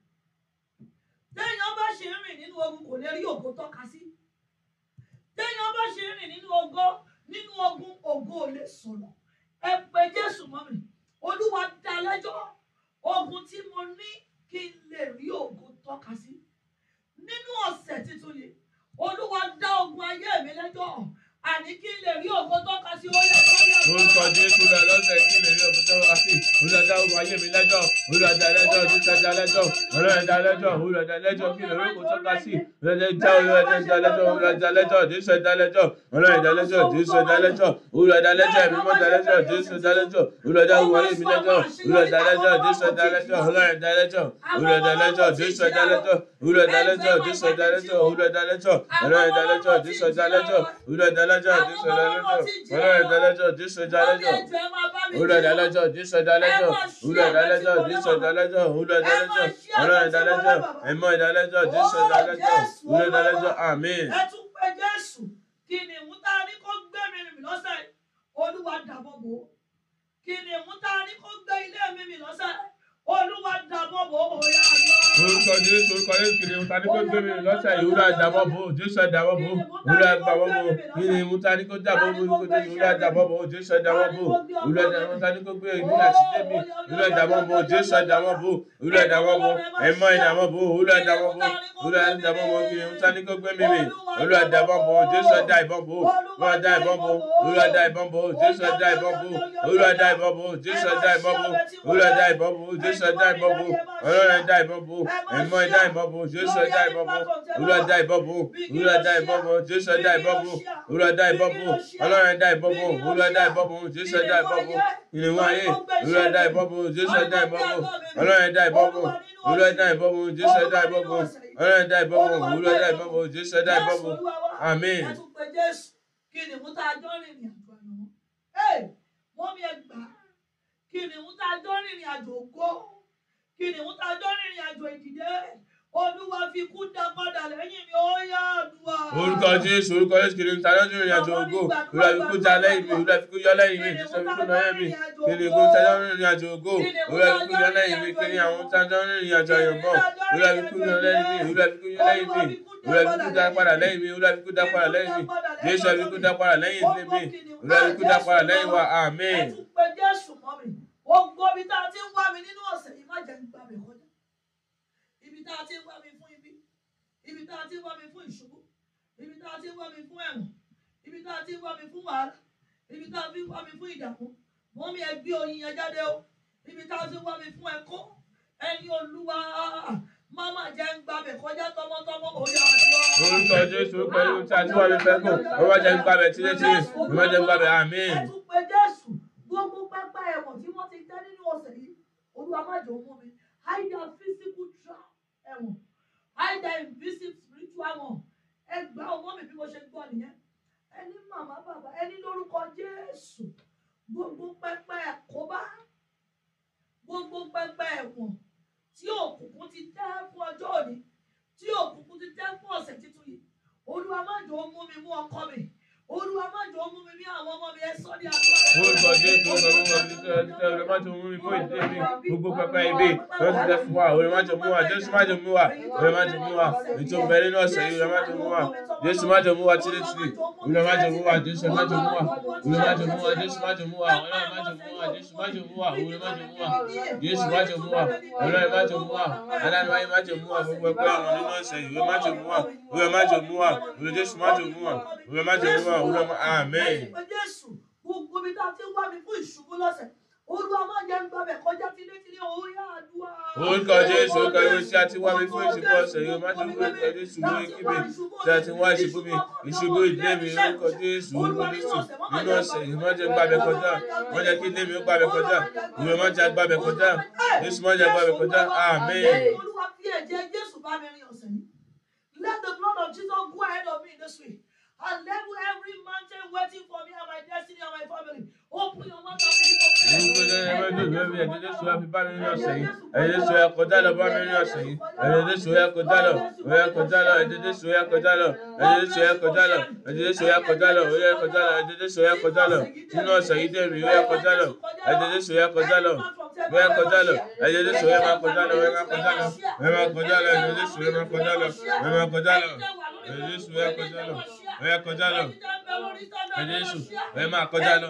téèyàn bá ṣe ń rìn nínú ogun kò lè rí ògo tọ́ka sí téèyàn bá ṣe ń rìn nínú ogo nínú ogun ògo ò lè sọ̀rọ̀ ẹ pé Jésù mọ́ mi Olúwa dá lẹ́jọ́ ogun tí mo ní kí n lè rí ògo tọ́ka sí nínú ọ̀sẹ̀ tuntun yìí Olúwa dá ogun ayé mi lẹ́jọ́ àní kí n lè rí ògo tó kọ sí orí ọkọ mi. orúkọ jésù rẹ lọ́sẹ̀ kí n lè rí ògo tó kọ sí olùdájà òwò ayé mi lẹ́jọ́ olùdájà lẹ́jọ́ olùdájà lẹ́jọ́ olùdájà lẹ́jọ́ olùdájà lẹ́jọ́ kí n lè rí ògo tó kọ sí olùdájà olùdájà lẹ́jọ́ olùdájà lẹ́jọ́ jésù ẹ̀dá lẹ́jọ́ olùdájà lẹ́jọ́ jésù ẹ̀dá lẹ́jọ́ olùdájà lẹ́jọ́ ẹ̀mí mọ́ta lẹ́jọ́ jésù ẹ̀dá lẹ́jọ́ olùdájà òwò ayé lẹ́jọ́ olùdájà ẹ̀dálájọ́ Jésù ẹ̀dálájọ́ Jésù ẹ̀dálájọ́ olú ẹ̀dálájọ́ Jésù ẹ̀dálájọ́ olú ẹ̀dálájọ́ Jésù ẹ̀dálájọ́ olú ẹ̀dálájọ́ olú ẹ̀dálájọ́ ẹ̀mọ́ ẹ̀dálájọ́ Jésù ẹ̀dálájọ́ olú ẹ̀dálájọ́ àmín. ẹ tún pé Jésù kí ni ìmúta ní kó gbé mi rìn lọ́sẹ̀ Olúwa dàbọ̀ bò kí ni ìmúta ní kó gbé ilé mi rìn lọ́sẹ̀ olúwa dàbọ̀ bò ó yá lọ. orúkọ jésù orúkọ jésù kìnìún mú tani kó gbé mi lọ́sẹ̀ yìí olúwa dàbọ̀ bò ó jésù dàbọ̀ bò ó olúwa dàbọ̀ bò ó kìnìún mú tani kó dàbọ̀ bò ó olúwa dàbọ̀ bò ó jésù dàbọ̀ bò ó olúwa dàbọ̀ tani kó gbé mi àti tèmi olúwa dàbọ̀ bò ó jésù dàbọ̀ bò ó olúwa dàbọ̀ bò ó ẹ̀mọ́ ìdàbọ̀ bò ó olúwa dàbọ̀ bò ó olúwa bò ó mú tani kó gbé mi mi olúwa dàbọ̀ bò ó jésù dà ìbọn bò ó olúwa dà ìbọn bò ó olúwa dà ìbọn bò ó jésù dà ìbọn bò ó olúwa dà ìbọn bò ó jésù dà ìbọn bò ó olúwa dà ìbọn bò ó jésù Jésù ẹ̀dá ìbọn bò ọlọ́run ẹ̀dá ìbọn bò ẹ̀mọ́ ẹ̀dá ìbọn bò Jésù ẹ̀dá ìbọn bò olúwa ẹ̀dá ìbọn bò olúwa ẹ̀dá ìbọn bò Jésù ẹ̀dá ìbọn bò olúwa ẹ̀dá ìbọn bò ọlọ́run ẹ̀dá ìbọn bò olúwa ẹ̀dá ìbọn bò Jésù ẹ̀dá ìbọn bò ìrìnwó ayé olúwa ẹ̀dá ìbọn bò Jésù ẹ̀dá ìbọn bò ọlọ́run ẹ̀dá ìbọn bò olúwa ẹ̀dá ìbọn bò Jésù ẹ̀dá ìbọn bò ọlọ́run ẹ̀dá ìbọn bò olúwa ẹ̀dá ìbọn bò Jésù ẹ̀dá ìbọn bò àmín. kí ni mo ta jọ́rìn ìrìn àjò àná mọ́mí ẹgbàá kìnìún tá a jọ rìnrìn àjò kó kìnìún tá a jọ rìnrìn àjò ìdìde olúwa fi kú dá padà lẹ́yìn mi ó yá àdúrà. orúkọ jésù orúkọ jésù kìnìún tá a jọ rìnrìn àjò ògo olúwa fi kú já lẹ́yìn mi olúwa fi kú yọ lẹ́yìn mi ìṣẹ́ fi kú lọ́yẹ̀ mi kìnìún tá a jọ rìnrìn àjò ògo olúwa fi kú yọ lẹ́yìn mi kìnìún àwọn tá a jọ rìnrìn àjò àyànmọ́ olúwa fi kú yọ lẹ́yìn mi olúwa fi kú yọ lẹ́yìn mi olùwàbíkú dá padà lẹ́yìn mi olùwàbíkú dá padà lẹ́yìn mi jésù àbíkú dá padà lẹ́yìn mi olùwàbíkú dá padà lẹ́yìn wa àmín. ẹ tún pe jésù mọ́ mi. Gbogbo ibi tá a ti ń wá mi nínú ọ̀sẹ̀ yìí má jẹ́ ń gbà mí kọjá. Ibi tá a ti ń wá mi fún ibi. Ibi tá a ti ń wá mi fún ìṣubú. Ibi tá a ti ń wá mi fún ẹ̀wọ̀n. Ibi tá a ti ń wá mi fún wàhálà. Ibi tá a ti ń wá mi fún ìdààmú. Mọ́mí ẹ gbé oyin yẹn jáde o. Ibi tá a ti ń wá mi fún ẹ̀kọ́. Ẹ̀yin Olúwa mama jẹ́ ń gbà mí kọjá tọmọtọmọ òyà àdúrà. orúkọ jésù pẹ̀lú tí a ti wá mi fẹ́ kù orúkọ jẹ́ ń gbà mí tílétílé orúkọ jẹ́ ń gbà mí àmín. ẹ tún pe jésù gbogbo pẹ́pẹ́ ẹ̀wọ̀n tí wọ́n ti tẹ́ nínú ọ̀sẹ̀ yìí olúwa má jẹ́ ó mú mi hide their physical trap ẹ̀wọ̀n hide their invisible spiritual one ẹgbẹ́ ọmọ mi bí mo ṣe gbọ́ nìyẹn ẹni màmá bàbá ẹni lórúkọ Jésù gbogbo pẹ́pẹ́ ẹ̀kọ́bá gbogbo pẹ́pẹ́ ẹ̀wọ̀n tí òkùnkùn ti tẹ́ fún ọjọ́ òní tí òkùnkùn ti tẹ́ fún ọ̀sẹ̀ tuntun yìí olúwa má jẹ́ mi mú ọkọ mi. Olúwa má jọ mú mi bí àwọn ọmọ mi ẹ sọ ní àdúrà. Orúkọ Jésù orúkọ Jésù ẹ má jọ mú mi fún ìdílé mi gbogbo pẹpẹ ibi lọ́sí tẹ fún wa òye má jọ mú wa Jésù má jọ mú wa òye má jọ mú wa ètò ìbẹ̀ nínú ọ̀sẹ̀ yìí òye má jọ mú wa Jésù má jọ mú wa tìrìtìrì òye má jọ mú wa Jésù má jọ mú wa òye má jọ mú wa Jésù má jọ mú wa òye má jọ mú wa Jésù má jọ mú wa òye má jọ mú wa Jésù má jọ mú wa òye má jọ mú wa adániwáyé má jọ mú wa gbogbo ẹgbẹ́ àwọn nínú ọ̀sẹ̀ yìí òye má jọ mú wa Olúwa má jẹ̀mú wa, Olúwa Jésù má jẹ̀mú wa, Olúwa má jẹ̀mú wa, Olúwa Jésù gbogbo mi ta àti wá mi fún ìṣubú ọ̀sẹ̀ yóò má jẹ́ fún orúkọ Jésù lórí kíbi tí a ti wá ìṣubú mi ìṣubú ìdílé mi orúkọ Jésù orúkọ Jésù nínú ọ̀sẹ̀ yóò gbàbẹ̀ kọjá má kí ilé mi ó gbàbẹ̀ kọjá Olúwa má gbàbẹ̀ kọjá Jésù má gbàbẹ̀ kọjá àmín. Let the blood of Jesus go ahead of me this week. And level every mountain waiting for me and my destiny and my family ẹ̀yẹ Jésù ẹ fi bá mi ní ọ̀sẹ̀ yìí ẹ̀yẹ Jésù ẹ kọjá lọ bá mi ní ọ̀sẹ̀ yìí ẹ̀yẹ Jésù ẹ kọjá lọ ẹ̀yẹ kọjá lọ ẹ̀yẹ Jésù ẹ kọjá lọ ẹ̀yẹ Jésù ẹ kọjá lọ ẹ̀yẹ Jésù ẹ kọjá lọ ẹ̀yẹ kọjá lọ ẹ̀yẹ Jésù ẹ kọjá lọ nínú ọ̀sẹ̀ yìí dẹ̀mí ó yẹ kọjá lọ ẹ̀yẹ Jésù ẹ kọjá lọ ó yẹ kọjá lọ ẹ̀yẹ Jésù ẹ máa kọjá lọ ẹ máa kọjá lọ ẹ máa kọjá lọ ẹ̀yẹ Jésù ẹ máa kọjá lọ ẹ máa kọjá lọ ẹ̀yẹ Jésù ẹ kọjá lọ ó yẹ kọjá lọ ẹ̀yẹ Jésù ẹ máa kọjá lọ.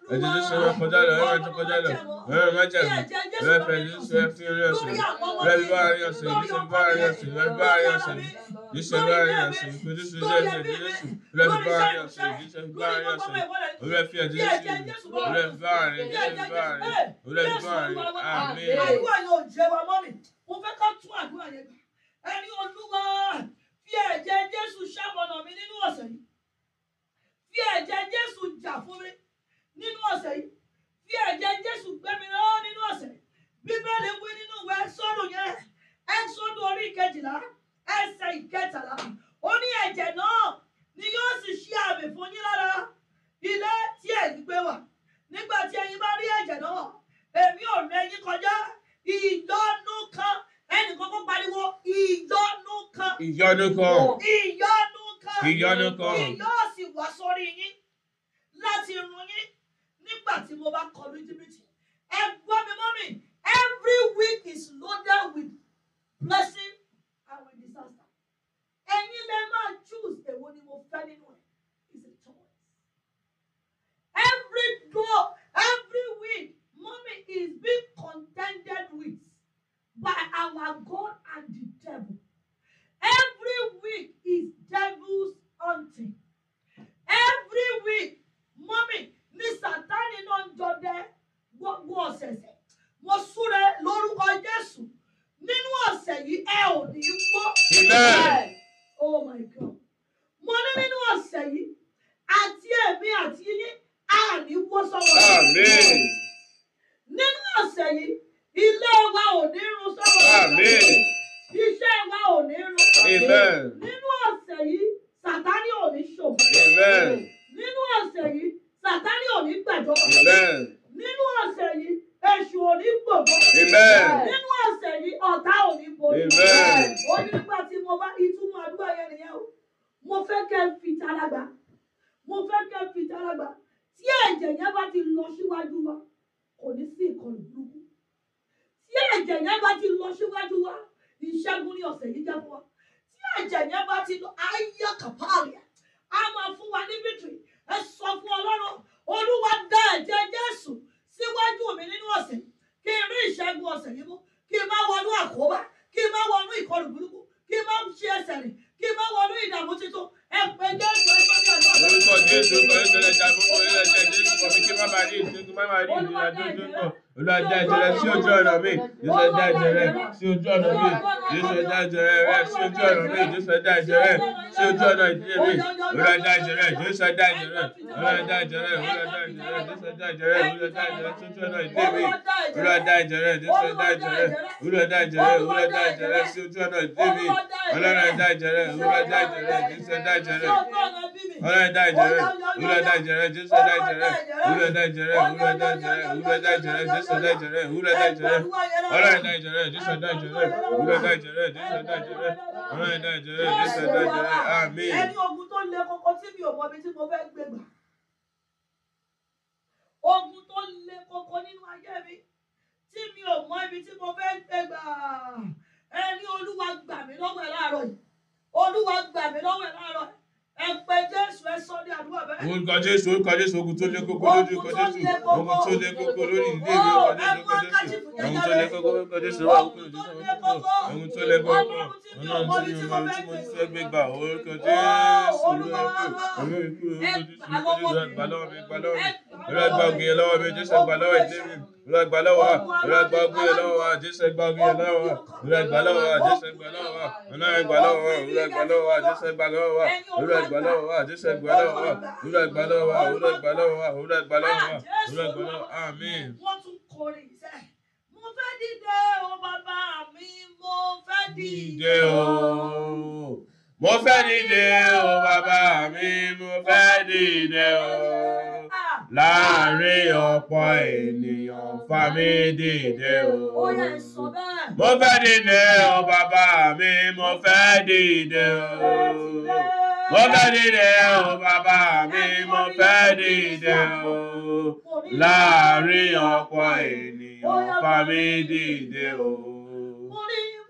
ẹ̀jẹ̀ jésù rẹ̀ kọjá lọ ẹ̀rọ tó kọjá lọ ẹ̀rọ májàmú ẹ̀rọ fẹ̀ jésù ẹ̀ fi orí ọ̀sẹ̀ rẹ̀ bí bá àárín ọ̀sẹ̀ jésù bí bá àárín ọ̀sẹ̀ rẹ̀ bí bá àárín ọ̀sẹ̀ jésù bí bá àárín ọ̀sẹ̀ kò jésù jésù jésù rẹ̀ bí bá àárín ọ̀sẹ̀ jésù bí bá àárín ọ̀sẹ̀ orí ẹ̀ fi ẹ̀jẹ̀ jésù rẹ̀ bí bá àárín jésù bí bá àárín orí ẹ̀ fi bá àárín àmín. àdúrà yóò jẹ wa mọ́mì mo fẹ́ ká tún àdúrà yẹn gbà ẹni olúwa fi ẹ̀jẹ̀ jésù ṣàmọ̀nà mi nínú ọ̀sẹ̀ yìí fi ẹ̀jẹ̀ jésù jà fún mi nínú ọ̀sẹ̀ yìí fi ẹ̀jẹ̀ Jésù gbẹ́mi lọ́wọ́ nínú ọ̀sẹ̀ Bíbélì wí nínú ìwé Ẹ́sọ́dù yẹn Ẹ́sọ́dù orí kejìlá ẹsẹ̀ ìkẹtàlá ó ní ẹ̀jẹ̀ náà ni yóò sì ṣe àmì fún yín lára ilé tí ẹ̀yin gbé wà nígbà tí ẹ̀yin bá rí ẹ̀jẹ̀ náà èmi ò rẹ yín kọjá ìyọnu kan ẹnìkan kó pariwo ìyọnu kan ìyọnu kan ìyọnu kan ìyọnu kan ìyọ sì wá sórí yín láti run yín nígbà tí mo bá kọlu íjíbítì ẹ gbọ́ mi mọ́ mi every week is loaded with blessing and with disaster ẹ̀yin lè máa choose èwo ni mo fẹ́ nínú ẹ̀ is a choice every door every week mommy is being contended with by our God and the devil every week is devil's hunting every week mommy bí sátánì náà ń jọdẹ gbogbo ọ̀sẹ̀sẹ̀ mo súre lórúkọ Jésù nínú ọ̀sẹ̀ yìí ẹ ò ní í wó. jẹrẹ wúrà dá Nigeria. jésù dá jẹrẹ wúrà dá Nigeria. wúrà dá jẹrẹ wúrà dá Nigeria. Just dá jẹrẹ wúrà dá Nigeria. ọ̀rọ̀ ẹ̀ dá jẹrẹ jésù dá jẹrẹ wúrà dá jẹrẹ jésù dá jẹrẹ ọ̀rọ̀ ẹ̀ dá jẹrẹ jésù dá jẹrẹ àmín. ẹni ogun tó le koko tí mi ò mọ ibi tí mo fẹ́ gbé gbà ogun tó le mi tí mi ò mọ ibi tí mo fẹ́ gbé gbà ẹni olúwa gbà mí lọ́wọ́ ẹ̀ láàárọ̀ yìí olúwa gbà mí lọ́wọ́ ẹ̀ láàárọ̀ yìí. Ẹ̀pẹ̀ Jésù ẹ sọ ní àdúrà bẹ́ẹ̀. Orúkọ Jésù orúkọ Jésù ogun tó lé kókó lórí orúkọ Jésù ogun tó lé kókó lórí ìdílé mi orúkọ Jésù ogun tó lé kókó orúkọ Jésù ogun tó lé kókó ogun tó lé kókó ọ̀nà tó ní ọmọ tí mo ti fẹ́ gbé gbà orúkọ Jésù orúkọ Jésù orúkọ Jésù orúkọ Jésù gbàlọ́wọ́ mi gbàlọ́wọ́ mi olùwàgbà ogun yẹn lọ́wọ́ mi jésù ẹgbà lọ́wọ́ ìdílé mi olùwàgbà lọ́wọ́ olùwàgbà ogun yẹn lọ́wọ́ jésù ẹgbà ogun yẹn lọ́wọ́ olùwàgbà lọ́wọ́ jésù ẹgbà lọ́wọ́ olùwàgbà lọ́wọ́ olùwàgbà lọ́wọ́ jésù ẹgbà lọ́wọ́ olùwàgbà lọ́wọ́ jésù ẹgbà lọ́wọ́ olùwàgbà lọ́wọ́ olùwàgbà lọ́wọ́ olùwàgbà lọ́wọ́ olùwàgbà lọ́wọ́ mo fẹ́ dìde o bàbá mi mo fẹ́ dìde o. mo fẹ́ dìde o bàbá mi mo fẹ́ dìde o láàrin ọ̀pọ̀ ènìyàn fà mí dìde o. ó yẹ mo fẹ́ dìde o bàbá mi mo fẹ́ dìde o. mo fẹ́ dìde o bàbá mi mo fẹ́ dìde o. láàrin ọ̀pọ̀ ènìyàn fà mí dìde o.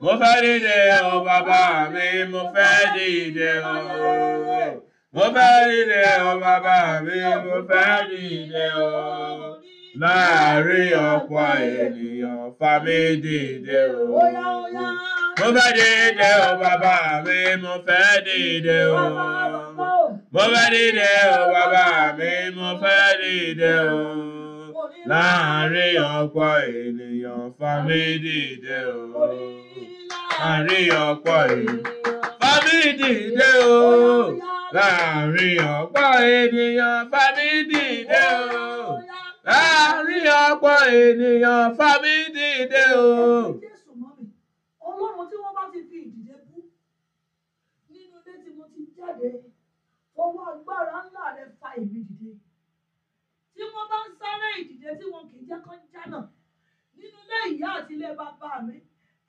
mo fẹ́ dìde o bàbá mi mo fẹ́ dìde o mo fẹ́ dìde o bàbá mi mo fẹ́ dìde o láàárín ọ̀pọ̀ ènìyàn fà mí dìde o. mo fẹ́ dìde o bàbá mi mo fẹ́ dìde o. mo fẹ́ dìde o bàbá mi mo fẹ́ dìde o. láàárín ọ̀pọ̀ ènìyàn fà mí dìde o. láàárín ọ̀pọ̀ ènìyàn fà dìde o láàrin ọ̀pọ̀ ènìyàn fábí dìde o láàrin ọ̀pọ̀ ènìyàn fábí dìde o. ọlọ́run tí wọ́n bá agbára ńlá rẹ̀ fa èmi dìde tí wọ́n bá ń sáré ìdìde tí wọn kì í jẹ́ kán jánà nínú ilé ìyá àti ilé bàbá mi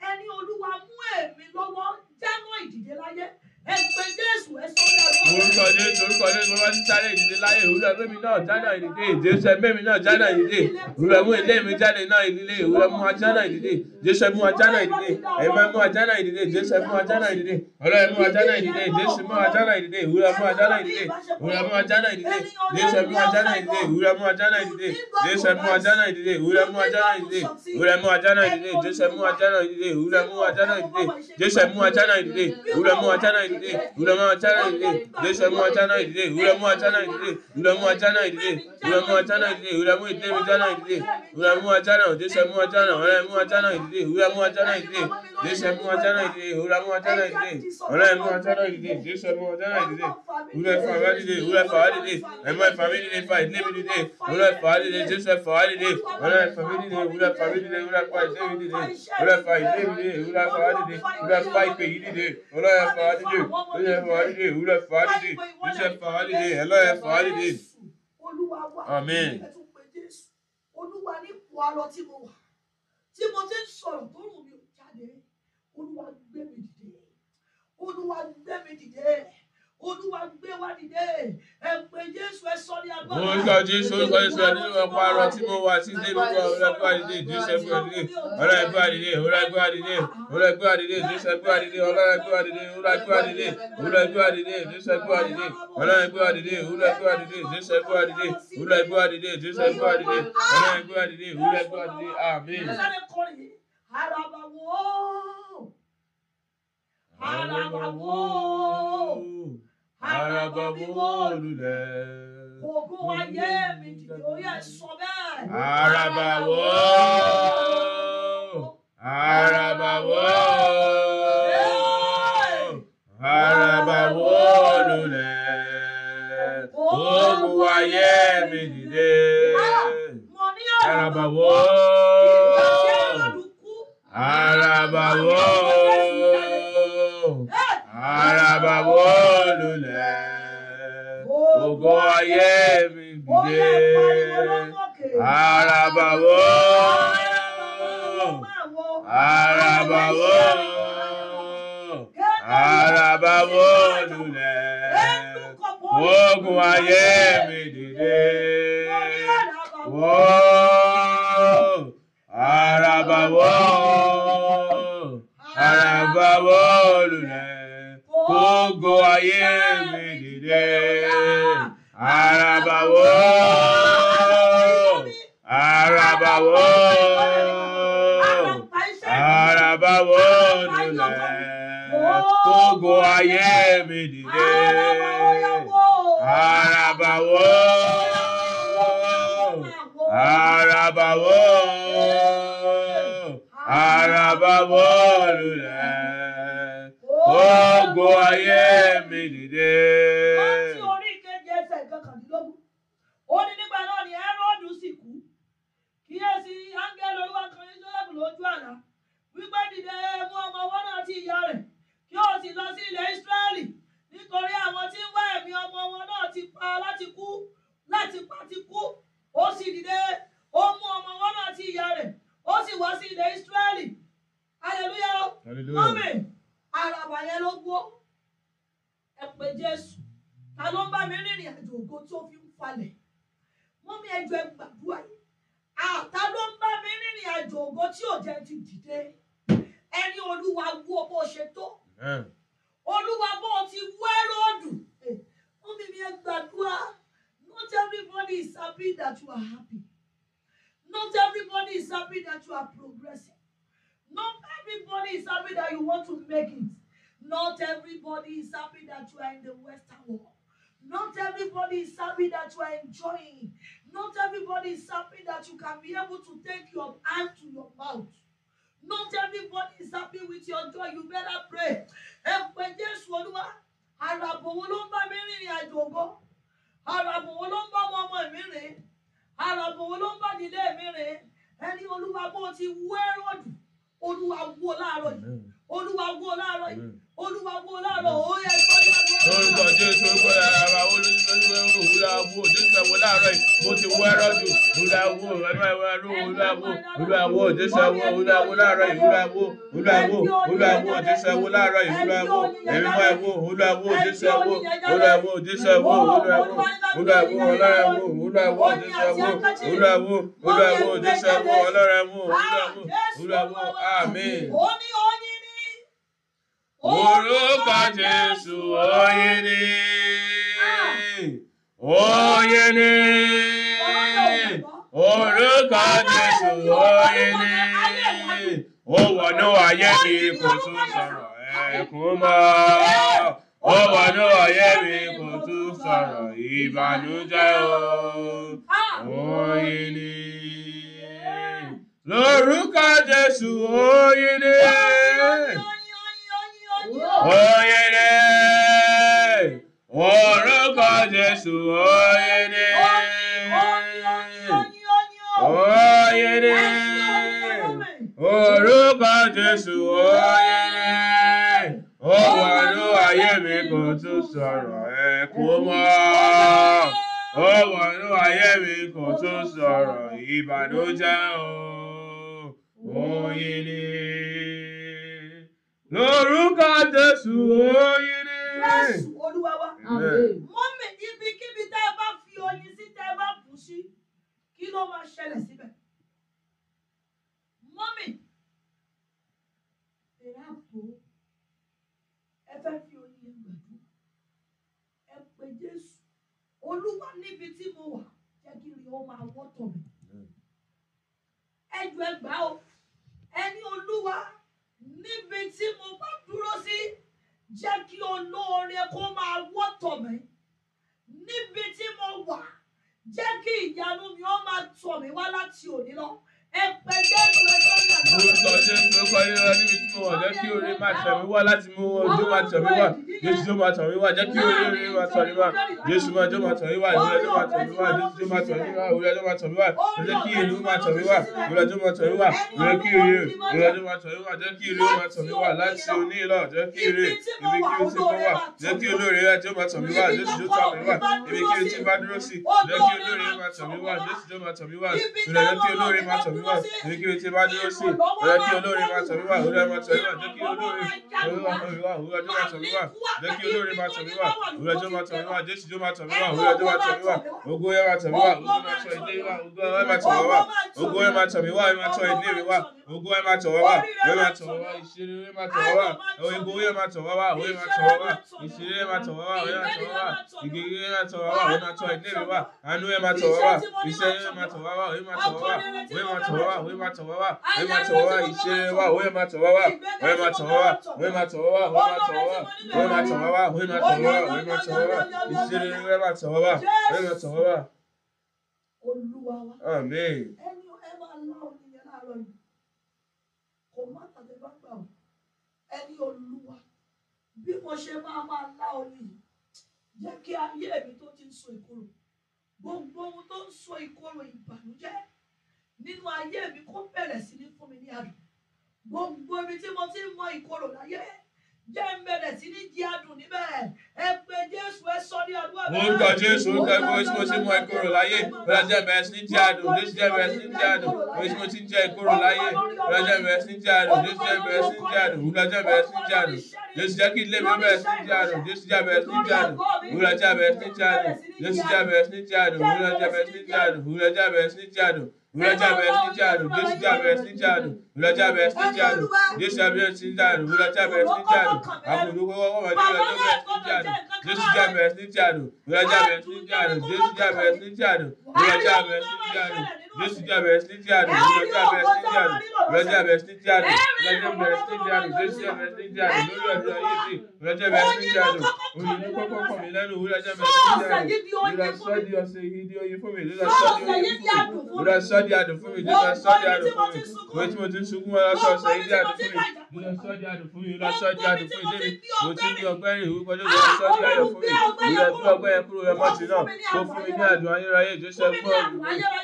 ẹni olúwa mú èmi lọ́wọ́ jáná ìdìde láyé ẹ pé jésù ẹ sọ ní àlọ́. orúkọ jésù orúkọ jésù wọn ti sáré ìdílé láyé òwúrọ̀ mẹ́mi náà jáde ìdílé jésù mẹ́mi náà jáde ìdílé òwúrọ̀ mú ilé mi jáde náà ìdílé òwúrọ̀ mú ajáde ìdílé jésù mú ajáde ìdílé ẹ̀mọ́ mú ajáde ìdílé jésù mú ajáde ìdílé ọlọ́run mú ajáde ìdílé jésù mú ajáde ìdílé òwúrọ̀ mú ajáde ìdílé òwúrọ̀ mú ajáde ìdílé jésù mú ajáde ìdílé òwúrọ̀ mú ajáde ìdílé jésù mú ajáde ìdílé òwúrọ̀ mú ajáde ìdílé òwúrọ̀ mú ajáde ìdílé jésù mú ajáde ìdílé òwúrọ̀ mú ajáde ìdílé jésù mú ajáde ìdílé òwúrọ̀ mú ajáde ìdílé ìdílé ìrọ̀mọ́ ọ̀tá náà ìdílé ìdílé ọmọ ọ̀tá náà ìdílé ìrọ̀mọ́ ọ̀tá náà ìdílé ìrọ̀mọ́ ọ̀tá náà ìdílé ìrọ̀mọ́ ọ̀tá náà ìdílé ìrọ̀mọ́ ìdílé ọ̀tá náà ìdílé ìrọ̀mọ́ ọ̀tá náà ìdílé ìrọ̀mọ́ ọ̀tá náà ìdílé ìrọ̀mọ́ ọ̀tá náà ìdílé ìrọ̀mọ́ ọ̀tá náà ìdílé ìrọ̀mọ́ ọ̀tá náà ìdílé ìrọ̀mọ́ ọ̀tá náà ìdílé ìrọ̀mọ́ ọ̀tá náà ìdílé ìrọ̀mọ́ ọ̀tá náà ìdílé ìrọ̀mọ́ ọ̀tá náà ìdílé ìrọ̀mọ́ ọ̀tá náà ìdílé ẹ̀mọ́ ẹ̀fà mi nílé fa ìdílé mi nílé wúlò ẹ̀fà mi nílé jésù ẹ̀fà mi nílé wúlò ẹ̀fà mi nílé wúlò ẹ̀fà mi holiday ewúrẹ́ for Who iṣẹ́ for holiday ẹlọ́yẹ for holiday. olúwa wà amen. ẹ tún pe jésù olúwa ní mo ń sọ jésù orúkọ jésù ọdún ọpọ àrọ tí mo wà sí débi kọ ọlọpọ àdìdé ìdúṣẹ fún àdìdé ọlọpọ àdìdé ọlọpọ àdìdé ọlọpọ àdìdé ìdúṣẹ fún àdìdé ọlọpọ àdìdé ọlọpọ àdìdé ọlọpọ àdìdé ìdúṣẹ fún àdìdé ọlọpọ àdìdé ọlọpọ àdìdé ìdúṣẹ fún àdìdé ọlọpọ àdìdé ìdúṣẹ fún àdìdé ọlọpọ àdìdé ọlọpọ àdìdé àmín. Arabawo, arabawo, arabawo lulẹ̀ ògùn ayé mi dìde orí ẹ̀ sọ bẹ́ẹ̀. àràbà wò ó àràbà wò ó lulẹ̀ ògùn ayé mi dìde àràbà wò ó lulẹ̀ ògo ayé mi dìde àràbà wó àràbà wó àràbà wó lulẹ̀ ogun ayé mi dìde wó àràbà wó àràbà ayé mi dìde. Yeah, àràbà wò àràbà wò àràbà ayé mi dìde àràbà wò àràbà wò àràbà wò nílẹ̀ kógo olúwawo ọlọ́run mú olúwawo òjíṣẹ́ wo olúwawo olúwawo òjíṣẹ́ wo ọlọ́run mú olúwawo olúwawo àmín. Orúkọ Jésù oyin ni oyin ni orúkọ Jésù oyin ni ó wọnú ayé mi kò tún sọ̀rọ̀ ẹ̀kún mọ́ ó bọ̀dún ọ̀yẹ́ mi kò tún sọ̀rọ̀ ìbànújẹ́ o oyin ni lórúkọ Jésù oyin ni oyin ni orúkọ Jésù oyin ni oyin ni orúkọ Jésù oyin ni ó wọnú ayé mi kò tún sọ̀rọ̀ ẹ̀kún mọ́. ó wọnú ayé mi kò tún sọ̀rọ̀ ìbànújẹ́ o oyin ni. lórúkọ Jésù oyin ni. Jésù Olúwa wa mọ́mí ibikíbi tẹ́ ẹ bá fi oyin sí tẹ́ ẹ bá bù sí kí ló máa ṣẹlẹ̀ síbẹ̀. mọ́mí èrè àpò fẹ́ fi oyin ẹgbẹ̀dún ẹ pé Jésù Olúwa níbi tí mo wà jẹ́ kí rí ọ máa wọ́tọ̀ mi ẹ jù ẹ gbà o ẹni Olúwa níbi tí mo bá dúró sí jẹ́ kí olóore kó máa wọ́tọ̀ mi níbi tí mo wà jẹ́ kí ìyanu mi ó máa tọ̀ mí wá láti òní lọ orúkọ jésù orúkọ ìrora níbi tí mo wà jẹ́ kí oore máa tọ̀ mí wá láti mú ọjọ́ máa tọ̀ mí wá jésù tó máa tọ̀ mí wá jẹ́ kí oore oore máa tọ̀ mí wá jésù máa jọ máa tọ̀ mí wá ìrora jọ máa tọ̀ mí wá jésù tó máa tọ̀ mí wá ìrora jọ máa tọ̀ mí wá jẹ́ kí ìlú máa tọ̀ mí wá ìrora jọ máa tọ̀ mí wá jẹ́ kí ire ìrora jọ máa tọ̀ mí wá jẹ́ kí ire máa tọ̀ mí wá láti òní lọ jẹ́ kí ire ibi kí o ti bọ́ wá jẹ́ kí olóore rẹ jọ máa tọ̀ mí wá jésù tó tọ̀ mí wá ibi kí o ti bá dúró sí jẹ́ kí olóore máa tọ̀ mí wá jésù tó máa tọ̀ mí wá ìrora jẹ́ kí olóore máa tọ̀ mí wíwà ní kí o ti bá dúró sí ọ̀rẹ́ kí olóore máa sọ wíwà olóore máa sọ wíwà jẹ́ kí olóore wíwà olóore máa sọ wíwà jẹ́ kí olóore máa sọ wíwà olóore máa sọ wíwà jésù jó máa sọ wíwà olóore máa sọ wíwà ogo ẹ máa sọ wíwà ogo máa sọ ìdí wíwà ogo ẹ máa sọ wíwà ogo ẹ máa sọ wíwà ẹ máa sọ ìdí wíwà ògo ẹ máa tọ̀ wá wá òwe máa tọ̀ wá wá ìṣeré ẹ máa tọ̀ wá wá ògo ẹ máa tọ̀ wá wá òwe máa tọ̀ wá wá ìṣeré ẹ máa tọ̀ wá wá òwe máa tọ̀ wá wá ìgègé ẹ máa tọ̀ wá wá òwe máa tọ̀ ẹ̀dẹ́ mi wá àánú ẹ máa tọ̀ wá wá ìṣe ẹ máa tọ̀ wá wá òwe máa tọ̀ wá wá òwe máa tọ̀ wá wá òwe máa tọ̀ wá wá òwe máa tọ̀ wá wá ìṣeré wá òwe máa tọ̀ wá wá òwe máa tọ̀ wá wá òwe máa tọ̀ wá wá òwe máa tọ̀ wá wá òwe máa tọ̀ wá wá òwe máa tọ̀ wá wá ìṣeré ẹ máa tọ̀ wá wá òwe máa tọ̀ wá wá. Olúwa wa. Amen. mo ṣe máa máa lá ọ nìyí jẹ́ kí ayé mi tó ti ń so ìkorò gbogbo ohun tó ń so ìkorò ìbànújẹ́ nínú ayé mi kó bẹ̀rẹ̀ sí ní fún mi ní adùn gbogbo ibi tí mo ti ń mọ ìkorò láyé jẹ́ ń bẹ̀rẹ̀ sí ní jí adùn níbẹ̀ ẹ pé Jésù ẹ sọ ní àdúrà bẹ́ẹ̀. orúkọ Jésù orúkọ ẹgbẹ́ oṣù mo ti mọ ìkorò láyé bẹ́ẹ̀ jẹ́ bẹ̀rẹ̀ sí ní jí adùn Jésù jẹ́ bẹ̀rẹ̀ sí ní jí adùn oṣù mo ti ń jẹ́ ìkorò láyé bẹ́ẹ̀ jẹ́ bẹ̀rẹ̀ sí ní jí adùn Jésù jẹ́ bẹ̀rẹ̀ sí ní jí adùn òwúrọ̀ jẹ́ bẹ̀rẹ̀ sí ní jí adùn Jésù jẹ́ kí ilé mi bẹ̀rẹ̀ sí ní jí adùn Jésù jẹ́ bẹ̀rẹ̀ sí ní jí adùn òwúrọ̀ jẹ́ bẹ̀rẹ̀ sí ní jí adùn Jesus, Jabez, Nijado, ní tí Nijado, wúlọ Jabez, Nijado, ní tí àdùn, wúlọ jábẹ̀ sí ní tí Nijado, Jesus, Jabez, Nijado, ní tí àdùn, Jésù jábẹ̀ sí ní tí àdùn, wúlọ jábẹ̀ sí Nijado, Jesus, Jabez, Nijado, jábẹ̀ sí ní tí àdùn, wúlọ jábẹ̀ sí ní tí àdùn, àkùnrin kọ́kọ́ wọ́n wọ́n jábẹ̀ sí ní tí àdùn, Jésù jábẹ̀ sí ní tí àdùn, wúlọ jábẹ̀ sí ní tí àdùn, Jésù jábẹ̀ sí ní tí àdùn, wúlọ jábẹ̀ sí Jésù jẹ́ bẹ̀rẹ̀ sí ní jáde. Lórí ọjọ́ bẹ̀rẹ̀ sí ní jáde. Lọ́jọ́ bẹ̀rẹ̀ sí ní jáde. Jésù jẹ́ bẹ̀rẹ̀ sí ní jáde. Lórí ọjọ́ yìí sí. Lọ́jọ́ bẹ̀rẹ̀ sí ní jáde. Òyìn ní kọ́kọ́ kọ̀ mí lẹ́nu. Lọ́jọ́ bẹ̀rẹ̀ sí ní jáde. Lọ́jọ́ sọ́ di ọ̀sẹ̀ yìí di oyin fún mi. Lọ́jọ́ sọ́ di adùn fún mi. Lọ́jọ́ sọ́ di adùn fún mi. Mo tí mo ti sunkún wọn lọ́sọ̀ ọ̀sẹ̀ yìí di adùn fún mi. Lọ́jọ́ sọ́ di adùn fún mi. Lọ́jọ́ sọ́ di adùn fún mi. Débi mo ti ní ọgbẹ́ rìn ìwé kọjú lọ́jọ́ sọ́ di adùn fún mi. Ìrẹ̀ fún ọgbẹ́ yẹn kúrò rẹ̀ mọ́tì náà. Mo fún mi ní adùn ayérayé. Jésù ẹ̀ fún ọ̀rùn.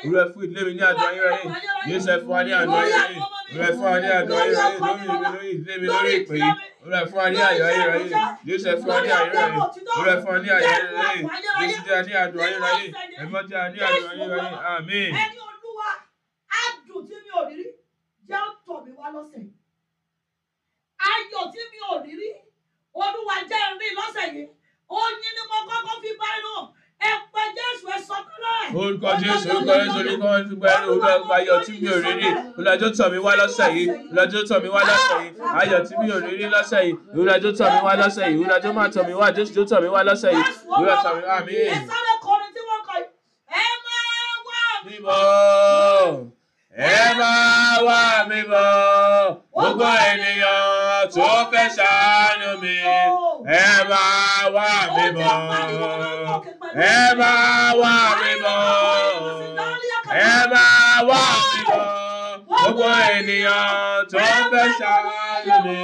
Ìrẹ̀ fún ìdílé ìdílé mi ní àdúrà yín rẹ̀ yìí ṣe fún wa ní àdúrà yín rẹ̀ rẹ̀ fún wa ní àdúrà yín rẹ̀ lórí mi lórí ìdílé mi lórí ìpè yìí rẹ̀ fún wa ní àyọ̀ yín rẹ̀ yìí ṣe fún wa ní àyọ̀ rẹ̀ rẹ̀ fún wa ní àyọ̀ yín rẹ̀ yìí ṣe ní àdúrà yín rẹ̀ ẹ̀mọ́ tí a ní àdúrà yín rẹ̀ àmín. ẹni olúwa adùn tí mi ò rí rí jẹ́ tọ̀ mí wá lọ́sẹ̀ ayọ̀ tí mi ò rí rí olúwa jẹ́ rí lọ́sẹ̀ yìí oyin ni mo kọ́kọ́ fi bá náà orúkọ jésù orúkọ jésù orúkọ jésù gba ẹni olú ẹgbẹ ayọ̀ tí mi ò rí rí olùdájọ tọ̀ mí wá lọ́sẹ̀ yìí olùdájọ tọ̀ mí wá lọ́sẹ̀ yìí ayọ̀ tí mi ò rí rí lọ́sẹ̀ yìí olùdájọ tọ̀ mí wá lọ́sẹ̀ yìí olùdájọ má tọ̀ mí wá jésù tó tọ̀ wá lọ́sẹ̀ yìí olùdájọ tọ̀ mí wá mí. mímọ́ ẹ máa wá mímọ́ gbogbo ènìyàn tó fẹ́ ṣàánú mi ẹ máa wá mímọ́ ẹ wa wà mí wa ẹ bá wà mí mọ́ gbogbo ènìyàn tó fẹ́ ṣáájú mi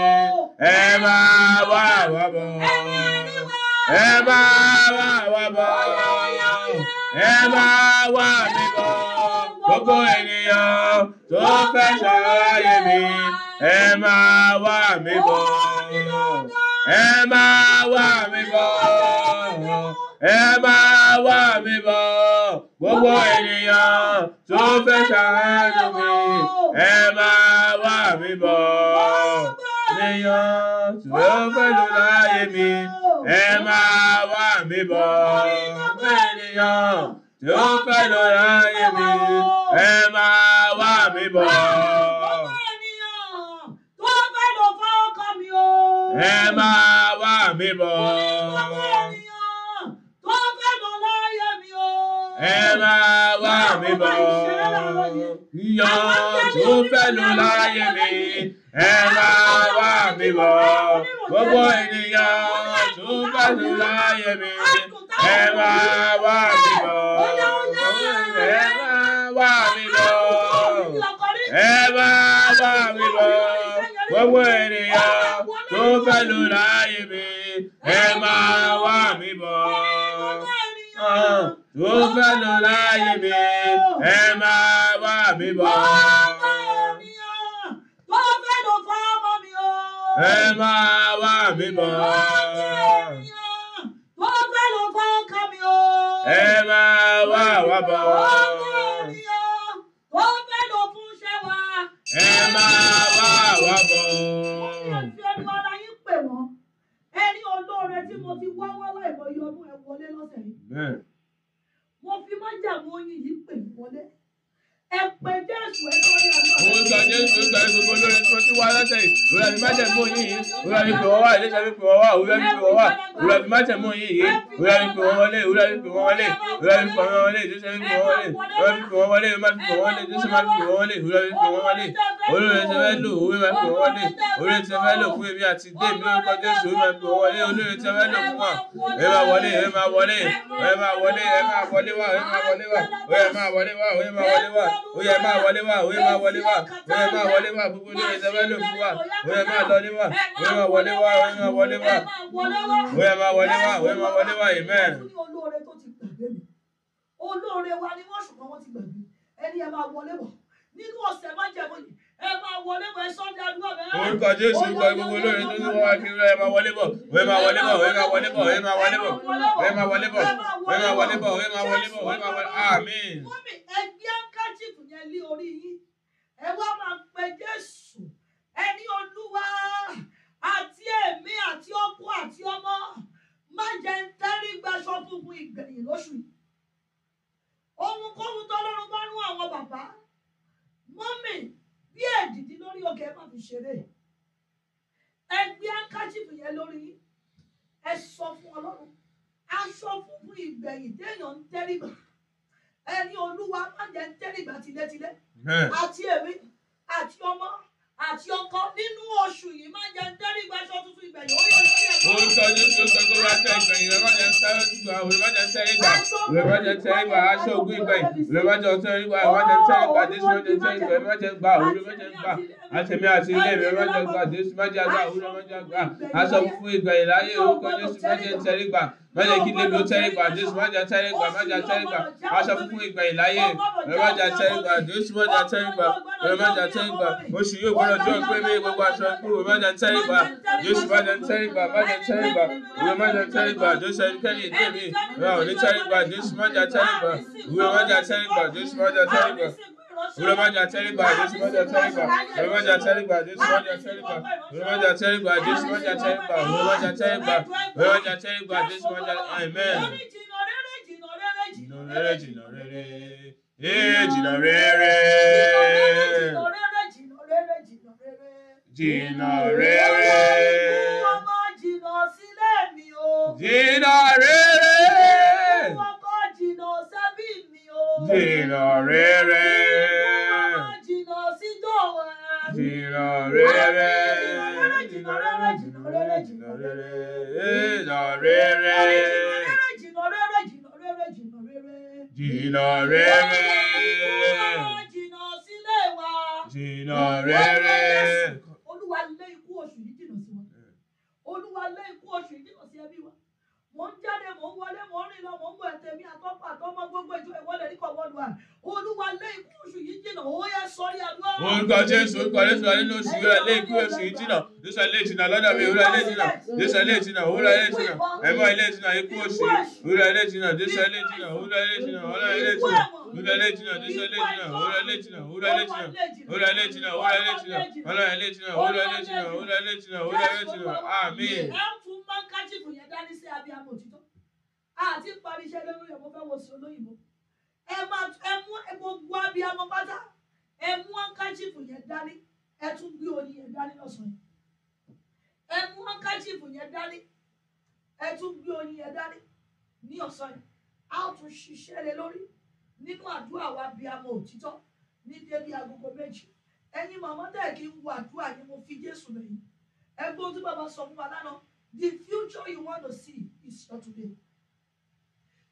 ẹ wa wà wá bọ̀ ẹ bá wà wá bọ̀ ẹ bá wà gbogbo ènìyàn tó fẹ́ ṣáájú mi ẹ wa wà mí wa ẹ ẹ máa wá mi bọ̀ gbogbo ènìyàn tó fẹ́ ṣàánú mi ẹ máa wá mi bọ̀ ènìyàn tó fẹ́ lò láyé mi ẹ máa wá mi bọ̀ gbogbo ènìyàn tó fẹ́ lò láyé mi ẹ máa wá mi bọ̀. Ẹ máa wá mi bọ̀. ẹ wa wá mi bọ̀ yíyọ tó fẹ́nu láyé mi ẹ máa wá mi bọ̀ gbogbo ènìyàn tó fẹ́nu láyé mi ẹ wa wá mi bọ̀ ẹ máa wá mi bọ̀ ẹ máa wá mi bọ̀ gbogbo ènìyàn tó fẹ́nu láyé mi ẹ máa mi bọ̀ tó fẹ́nu láyé mi ẹ máa bá mi bọ̀. tó fẹ́nu fún ọmọ mi o. ẹ máa bá mi bọ̀. tó fẹ́nu fún ọkọ mi o. ẹ máa wá wá bọ̀. tó fẹ́nu fún iṣẹ́ wa. ẹ máa wá wá bọ̀. Ẹni olóore tí mo ti wá wá láìmọye ọdún ẹ wọlé lọ́sẹ̀ yìí dààmú oyin yìí pè mí wọlé ẹ pé jésù ẹ tó ní ọjọ́. mo ń sọ jésù ń sọ gbogbo lórí tí mo ti wá lọ́sẹ̀ yìí òun àmì májẹ̀mú oyin yìí òun àmì pè wọ́n wá ìlẹ́sẹ̀ mi pè wọ́n wá òun àmì pè wọ́n wá ìwúrà fi májẹ̀mú yìí yé ìwúrà fi pè wọ́n wọlé ìwúrà fi pè wọ́n wọlé ìwúrà fi pè wọ́n wọlé ìdúsẹ́ fi pè wọ́n wọlé ìwúrà fi pè wọ́n wọlé ìwúrà fi pè wọ́n wọlé ìdúsẹ́ máa fi pè wọ́n wọlé ìwúrà fi pè wọ́n wọlé olórí ti fẹ́ lò òwe máa fi pè wọ́n wọlé olórí ti fẹ́ lò fún èmi àti dé mi lórúkọ Jésù òwe máa fi pè wọ́n wọlé olórí ti fẹ́ lò fún wa ẹ máa wọlé ẹ máa wọlé ẹ máa wọlé ẹ máa wọlé wá ẹ máa wọlé wá ó yẹ máa wọlé wá ó yẹ máa wọlé wá ó yẹ máa wọlé wá ó yẹ máa wọlé wá ó yẹ máa wọlé wá gbogbo olórí ti fẹ́ lò fún wa ó yẹ máa lọlé wá ó yẹ máa wọlé wá ó yẹ máa wọlé wá ó àwẹ̀ máa wọlé wá àwẹ̀ máa wọlé wá amen. olóore tó ti gbàgbé mi olóore wa ni wọ́n ṣùgbọ́n wọ́n ti gbàgbé ẹni ẹ máa wọlé wá nínú ọ̀sẹ̀ má jẹ̀mọ́ yìí ẹ máa wọlé bọ̀ ẹ sọ́jà àdúrà bẹ́ẹ̀. orúkọ jésù gbọ́ gbogbo olórí tó ní wọn kí ẹ máa wọlé bọ̀ ẹ máa wọlé bọ̀ ẹ máa wọlé bọ̀ ẹ máa wọlé bọ̀ ẹ máa wọlé bọ̀ ẹ máa wọlé bọ̀ ẹ máa wọlé bọ̀ ẹ máa wọlé àmín. mọ́mí ẹgbẹ́ ankachifu yẹn lé orí yín ẹ wá máa pe jésù ẹni olúwa àti èmi àti ọkọ àti ọmọ má jẹ́ ń tẹ́rí gbaṣọ funfun ìgbẹ̀yìn lóṣù yìí ohunkóhun tọ́lọ́run bá nú àwọn bàbá mọ́mì bí èdìdí lórí òkè ẹ má fi ṣeré ẹ gbé ankachifu yẹn lórí ẹ sọ fún ọlọ́run aṣọ funfun ìgbẹ̀yìn téèyàn ń tẹ́rìgbà ẹni olúwa má jẹ́ ń tẹ́rìgbà tilétilé àti èmi àti ọmọ àti ọkọ nínú oṣù yìí máa jẹ dárí gbaṣọ tuntun ìgbẹ̀yìn orí oṣù yẹn. ó sọ ní oṣù tó bá tẹ ìgbẹ̀yìn rẹ̀ bájẹ̀ tẹ ìgbà rẹ̀ bájẹ̀ tẹ ìgbà rẹ̀ bájẹ̀ tẹ ìgbà aṣọ ògùn ìgbẹ̀yìn rẹ̀ bájẹ̀ tẹ ìgbà rẹ̀ bájẹ̀ tẹ ìgbà adéṣọ́ tẹ ìgbà rẹ̀ bájẹ̀ gbà rẹ̀ bájẹ̀ gbà àtẹ̀mí àti ilé mi rọ́jà gbà jésù májà gbà òwúrọ̀ májà gbà aṣọ fún ìgbà ìláyé orúkọ jésù májà tẹ́rí gbà májà kí lébi ó tẹ́rí gbà jésù májà tẹ́rí gbà májà tẹ́rí gbà aṣọ fún ìgbà ìláyé májà tẹ́rí gbà jésù májà tẹ́rí gbà májà tẹ́rí gbà oṣù yóò gbọ́dọ̀ jọ pé mi gbogbo aṣọ kúrò májà tẹ́rí jésù májà tẹ́rí gbà májà tẹ́rí gbà jésù Olùmọ̀jà tẹ́rígbà Jésù mọ́jà tẹ́rígbà Olùmọ̀jà tẹ́rígbà Jésù mọ́jà tẹ́rígbà Olùmọ̀jà tẹ́rígbà Jésù mọ́jà tẹ́rígbà Olùmọ̀jà tẹ́rígbà Olùmọ̀jà tẹ́rígbà Jésù mọ́jà amen. Jìnà rere jìnà rere ee jìnà rere jìnà rere jìnà rere jìnnà rere. jìnnà síjọ́ wa. jìnnà rere. jìnnà rere jìnnà rere jìnnà rere jìnnà rere. jìnnà rere jìnnà rere jìnnà rere. jìnnà rere. jìnnà sílé wa. jìnnà rere. olúwa lé ikú oṣù yìí jìnnà sí wa. olúwa lé ikú oṣù yìí jìnnà sí ẹbí wa mò ń jáde mò ń wọlé mò ń rìn lọ mò ń bọ̀ ẹ̀tẹ̀ mi àtọ́pọ̀ àtọ́mọ gbogbo ìjọ ìwọlẹ̀ ní kọ̀wọ́lù à olúwa lé ikú oṣù yìí jìnà ó yẹ sọrí àdúrà. orúkọ jésù orúkọ jésù nínú oṣù rẹ lé ikú oṣù yìí jìnà jésù ilé ìjìnà lọ́dọ̀ mi òwúrọ̀ ilé ìjìnà jésù ilé ìjìnà òwúrọ̀ ilé ìjìnà ẹ̀mọ́ ilé ìjìnà ikú oṣù òwúrọ̀ ilé ìjìnà jésù ilé ìjìnà òwúrọ̀ ilé ìjìnà òwúrọ̀ ilé ìjìnà òwúrọ̀ mọ òtítọ́ àti parí iṣẹ́ lórí ẹ̀ mo fẹ́ wo sí olóyìnbó ẹ máa ẹ mú gbogbo abiyamọ pátá ẹ mú hankachifu yẹn dání ẹ tún gbé oyin yẹn dání lọ́sàn-án ẹ mú hankachifu yẹn dání ẹ tún gbé oyin yẹn dání ní ọ̀sán yẹn a tún ṣiṣẹ́ lé lórí nínú àdúrà wa abiyamọ òtítọ́ ní débi agogo méjì ẹ̀yin màmá tẹ̀ kí n wo àdúrà yẹn mo fi Jésù lẹ́yìn ẹgbẹ́ ohun tí bàbá sọ fún wa lánàá the future you want to see is your today.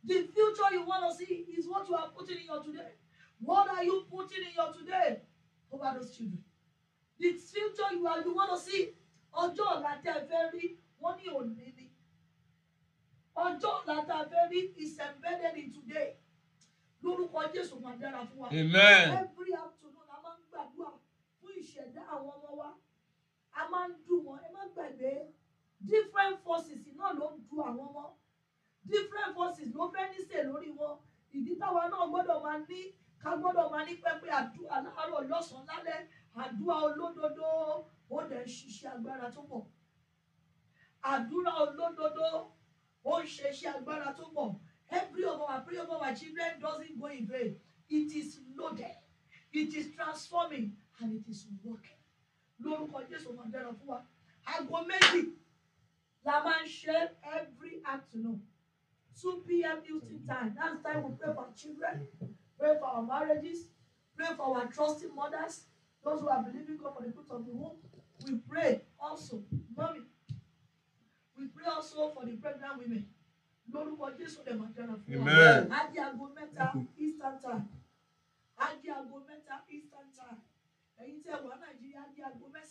The future you want to see is what you are putting in your today. What are you putting in your today over those children? The future you are you want to see ọjọ́ ọ̀la very, ẹ fẹ́ rí wọ́n ní òní ni. Ọjọ́ ọ̀la tẹ́ is embedded in today. Lórúkọ Jésù máa dára fún wa. Amen. Every afternoon a máa ń gbàdúrà fún ìṣẹ̀dá àwọn ọmọ wa. A máa ń dùn wọ́n, ẹ má gbàgbé different forces náà ló ń du àwọn ọmọ different forces ló fẹ́ níṣe lórí wọn ìdí táwa náà gbọ́dọ̀ máa ní ká gbọ́dọ̀ máa ní pẹ́pẹ́ àdúrà láàárọ̀ lọ́sàn-án lálẹ́ àdúrà olódodo ó dẹ̀ ń ṣiṣẹ́ agbára tó pọ̀ àdúrà olódodo ó ń ṣe iṣẹ́ agbára tó pọ̀ every of our prayer of our children doesn't go in vain it is loaded it is transforming and it is working lórúkọ Jésù máa dára fún wa aago méjì la máa ń ṣe every afternoon two pm Houston time that's time we pray for children pray for our marriages pray for our trusting mothers those who are believing God for the fruit of the womb we pray also mommy we pray also for the pregnant women lórúkọ Jésù lè máa dára fún wa adi eastern time adi aago eastern time ẹ̀yin tẹ́ wà Nàìjíríà adi aago